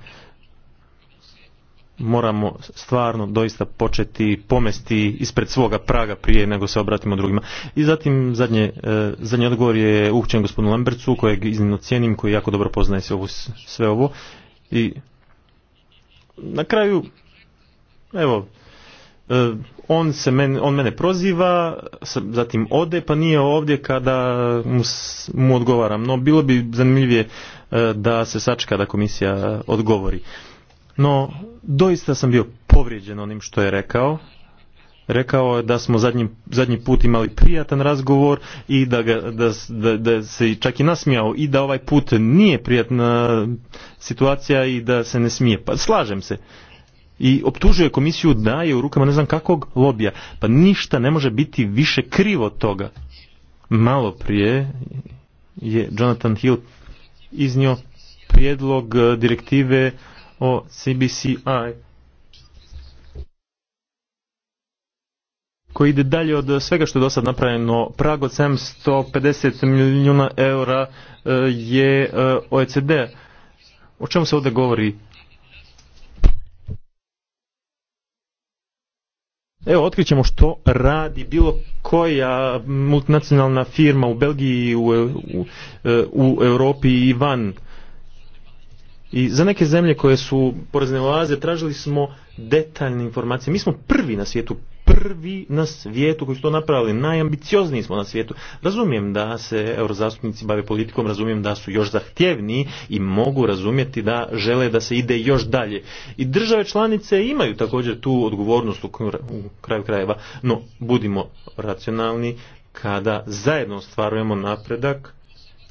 moramo stvarno doista početi pomesti ispred svoga praga prije nego se obratimo drugima. I zatim zadnje, e, zadnji odgovor je upućen gospodinu Lambercu kojeg iznimno cijenim, koji jako dobro poznaje sve ovo, sve ovo. I na kraju, evo, e, on, se men, on mene proziva, zatim ode, pa nije ovdje kada mu, mu odgovaram. No, bilo bi zanimljivije e, da se sačeka da komisija odgovori. No, doista sam bio povrijeđen onim što je rekao. Rekao je da smo zadnji, zadnji put imali prijatan razgovor i da, ga, da, da, se čak i nasmijao i da ovaj put nije prijatna situacija i da se ne smije. Pa slažem se i optužuje komisiju da je u rukama ne znam kakvog lobija. Pa ništa ne može biti više krivo toga. Malo prije je Jonathan Hill iznio prijedlog eh, direktive o CBCI koji ide dalje od svega što je do sad napravljeno. Prag od 750 milijuna eura e, je e, OECD. O čemu se ovdje govori? Evo, otkrićemo što radi bilo koja multinacionalna firma u Belgiji, u, e, u Europi i van. I za neke zemlje koje su porezne oaze tražili smo detaljne informacije. Mi smo prvi na svijetu, prvi na svijetu koji su to napravili, najambiciozniji smo na svijetu. Razumijem da se eurozastupnici bave politikom, razumijem da su još zahtjevniji i mogu razumjeti da žele da se ide još dalje. I države članice imaju također tu odgovornost u kraju krajeva, no budimo racionalni kada zajedno ostvarujemo napredak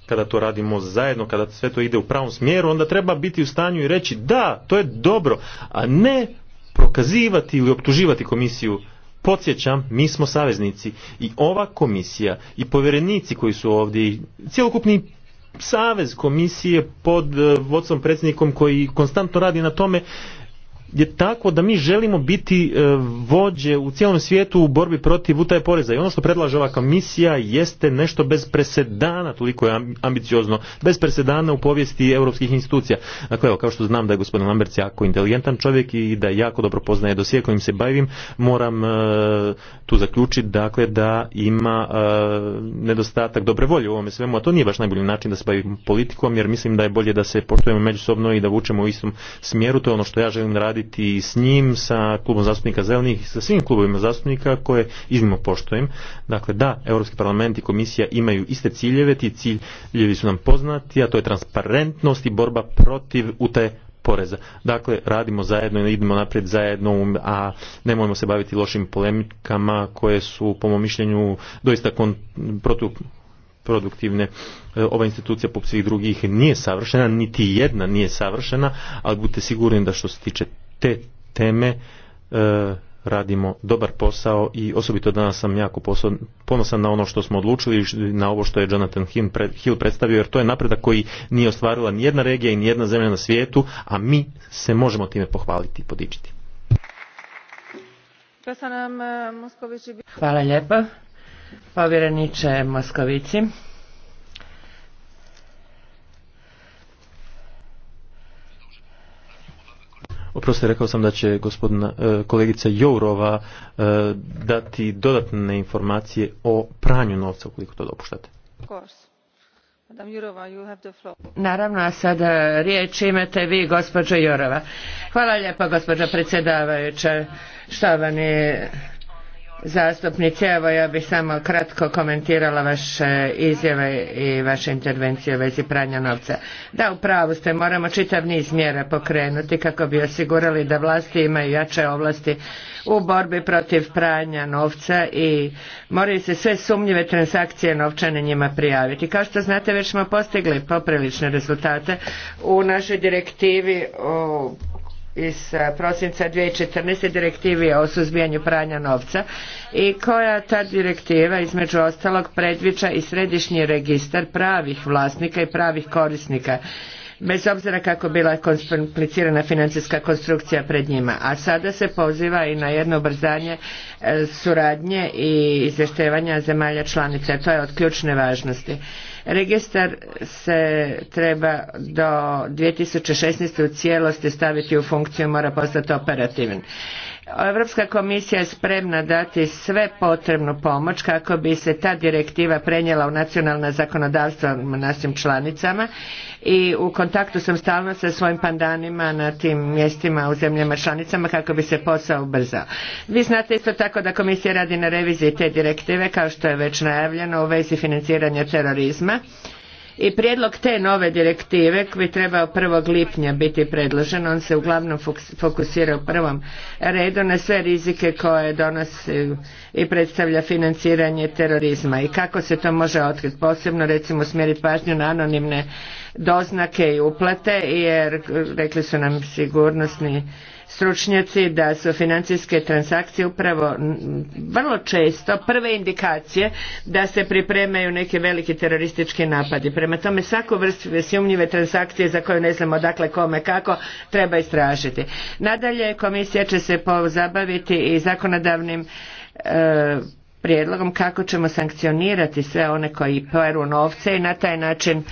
kada to radimo zajedno, kada sve to ide u pravom smjeru, onda treba biti u stanju i reći da, to je dobro, a ne prokazivati ili optuživati komisiju. Podsjećam, mi smo saveznici i ova komisija i povjerenici koji su ovdje i cjelokupni savez komisije pod eh, vodstvom predsjednikom koji konstantno radi na tome je tako da mi želimo biti e, vođe u cijelom svijetu u borbi protiv utaje poreza i ono što predlaže ova komisija jeste nešto bez presedana, toliko je ambiciozno, bez presedana u povijesti europskih institucija. Dakle, evo, kao što znam da je gospodin Lamberts jako inteligentan čovjek i da jako dobro poznaje dosije kojim se bavim, moram e, tu zaključiti dakle, da ima e, nedostatak dobre volje u ovome svemu, a to nije baš najbolji način da se bavim politikom, jer mislim da je bolje da se poštujemo međusobno i da vučemo u istom smjeru, to je ono što ja želim raditi raditi s njim, sa klubom zastupnika zelenih, sa svim klubovima zastupnika koje iznimno poštujem. Dakle, da, Europski parlament i komisija imaju iste ciljeve, ti ciljevi su nam poznati, a to je transparentnost i borba protiv utaje poreza. Dakle, radimo zajedno i idemo naprijed zajedno, a nemojmo se baviti lošim polemikama koje su, po mom mišljenju, doista produktivne. E, ova institucija poput svih drugih nije savršena, niti jedna nije savršena, ali budite sigurni da što se tiče te teme e, radimo dobar posao i osobito danas sam jako ponosan na ono što smo odlučili na ovo što je Jonathan Hill predstavio jer to je napredak koji nije ostvarila ni jedna regija i ni jedna zemlja na svijetu a mi se možemo time pohvaliti i podičiti. Hvala lijepa povjereniče Moskovici. Oprosti, rekao sam da će gospodina, e, kolegica Jourova e, dati dodatne informacije o pranju novca, ukoliko to dopuštate. Jurova, you have Naravno, a sada riječ imate vi, gospođo Jourova. Hvala lijepa, gospođo predsjedavajuća. Štovani zastupnice. Evo ja bih samo kratko komentirala vaše izjave i vaše intervencije u vezi pranja novca. Da, u pravu ste, moramo čitav niz mjera pokrenuti kako bi osigurali da vlasti imaju jače ovlasti u borbi protiv pranja novca i moraju se sve sumnjive transakcije novčane njima prijaviti. Kao što znate već smo postigli poprilične rezultate u našoj direktivi o iz e, prosinca 2014. direktivi o suzbijanju pranja novca i koja ta direktiva između ostalog predviđa i središnji registar pravih vlasnika i pravih korisnika bez obzira kako bila komplicirana financijska konstrukcija pred njima. A sada se poziva i na jedno ubrzanje e, suradnje i izvještevanja zemalja članica. To je od ključne važnosti. Registar se treba do 2016. u cijelosti staviti u funkciju, mora postati operativan. Europska komisija je spremna dati sve potrebnu pomoć kako bi se ta direktiva prenijela u nacionalna zakonodavstva našim članicama i u kontaktu sam stalno sa svojim pandanima na tim mjestima u zemljama članicama kako bi se posao ubrzao. Vi znate isto tako da komisija radi na reviziji te direktive kao što je već najavljeno u vezi financiranja terorizma i prijedlog te nove direktive koji treba trebao 1. lipnja biti predložen, on se uglavnom fokusira u prvom redu na sve rizike koje donosi i predstavlja financiranje terorizma i kako se to može otkriti, posebno recimo smjeriti pažnju na anonimne doznake i uplate jer rekli su nam sigurnosni stručnjaci da su financijske transakcije upravo vrlo često prve indikacije da se pripremaju neki veliki teroristički napadi. Prema tome svaku vrstu sumnjive transakcije za koju ne znamo dakle kome kako treba istražiti. Nadalje komisija će se pozabaviti i zakonodavnim e, prijedlogom kako ćemo sankcionirati sve one koji peru novce i na taj način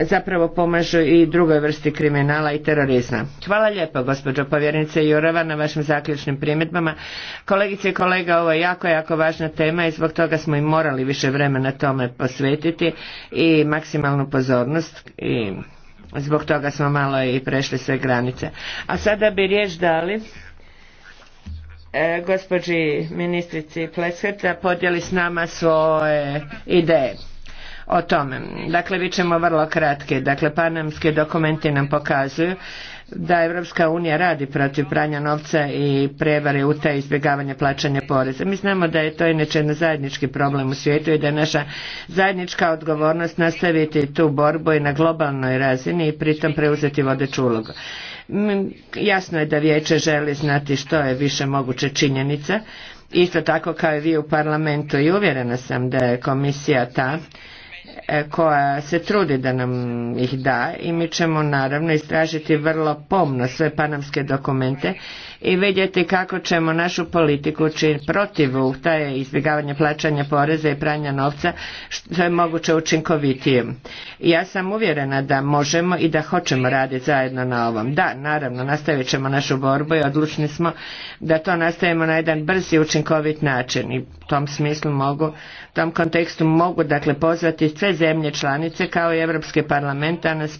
zapravo pomažu i drugoj vrsti kriminala i terorizma. Hvala lijepo gospođo povjerenice Jureva na vašim zaključnim primjedbama. Kolegice i kolega, ovo je jako, jako važna tema i zbog toga smo i morali više vremena tome posvetiti i maksimalnu pozornost i zbog toga smo malo i prešli sve granice. A sada bi riječ dali E, gospođi ministrici Pleshet da podijeli s nama svoje ideje o tome. Dakle, bit ćemo vrlo kratke. Dakle, panamski dokumenti nam pokazuju da Evropska unija radi protiv pranja novca i prevare u te izbjegavanje plaćanja poreza. Mi znamo da je to inače jedan zajednički problem u svijetu i da je naša zajednička odgovornost nastaviti tu borbu i na globalnoj razini i pritom preuzeti vodeću ulogu. Mm, jasno je da vijeće želi znati što je više moguće činjenica, isto tako kao i vi u parlamentu i uvjerena sam da je komisija ta e, koja se trudi da nam ih da i mi ćemo naravno istražiti vrlo pomno sve panamske dokumente i vidjeti kako ćemo našu politiku čin protiv taj izbjegavanje plaćanja poreza i pranja novca što je moguće učinkovitije. Ja sam uvjerena da možemo i da hoćemo raditi zajedno na ovom. Da, naravno, nastavit ćemo našu borbu i odlučni smo da to nastavimo na jedan brzi i učinkovit način i u tom smislu mogu, u tom kontekstu mogu dakle pozvati sve zemlje članice kao i Europski parlament da nas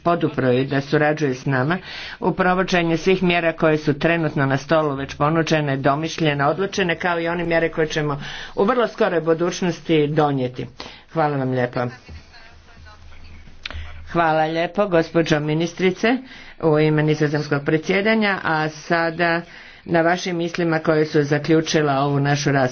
i da surađuju s nama u provođenju svih mjera koje su trenutno na stolu već ponuđene, domišljene, odlučene, kao i one mjere koje ćemo u vrlo skoroj budućnosti donijeti. Hvala vam lijepo. Hvala lijepo, gospođo ministrice, u ime nizozemskog predsjedanja, a sada na vašim mislima koje su zaključila ovu našu raspravu.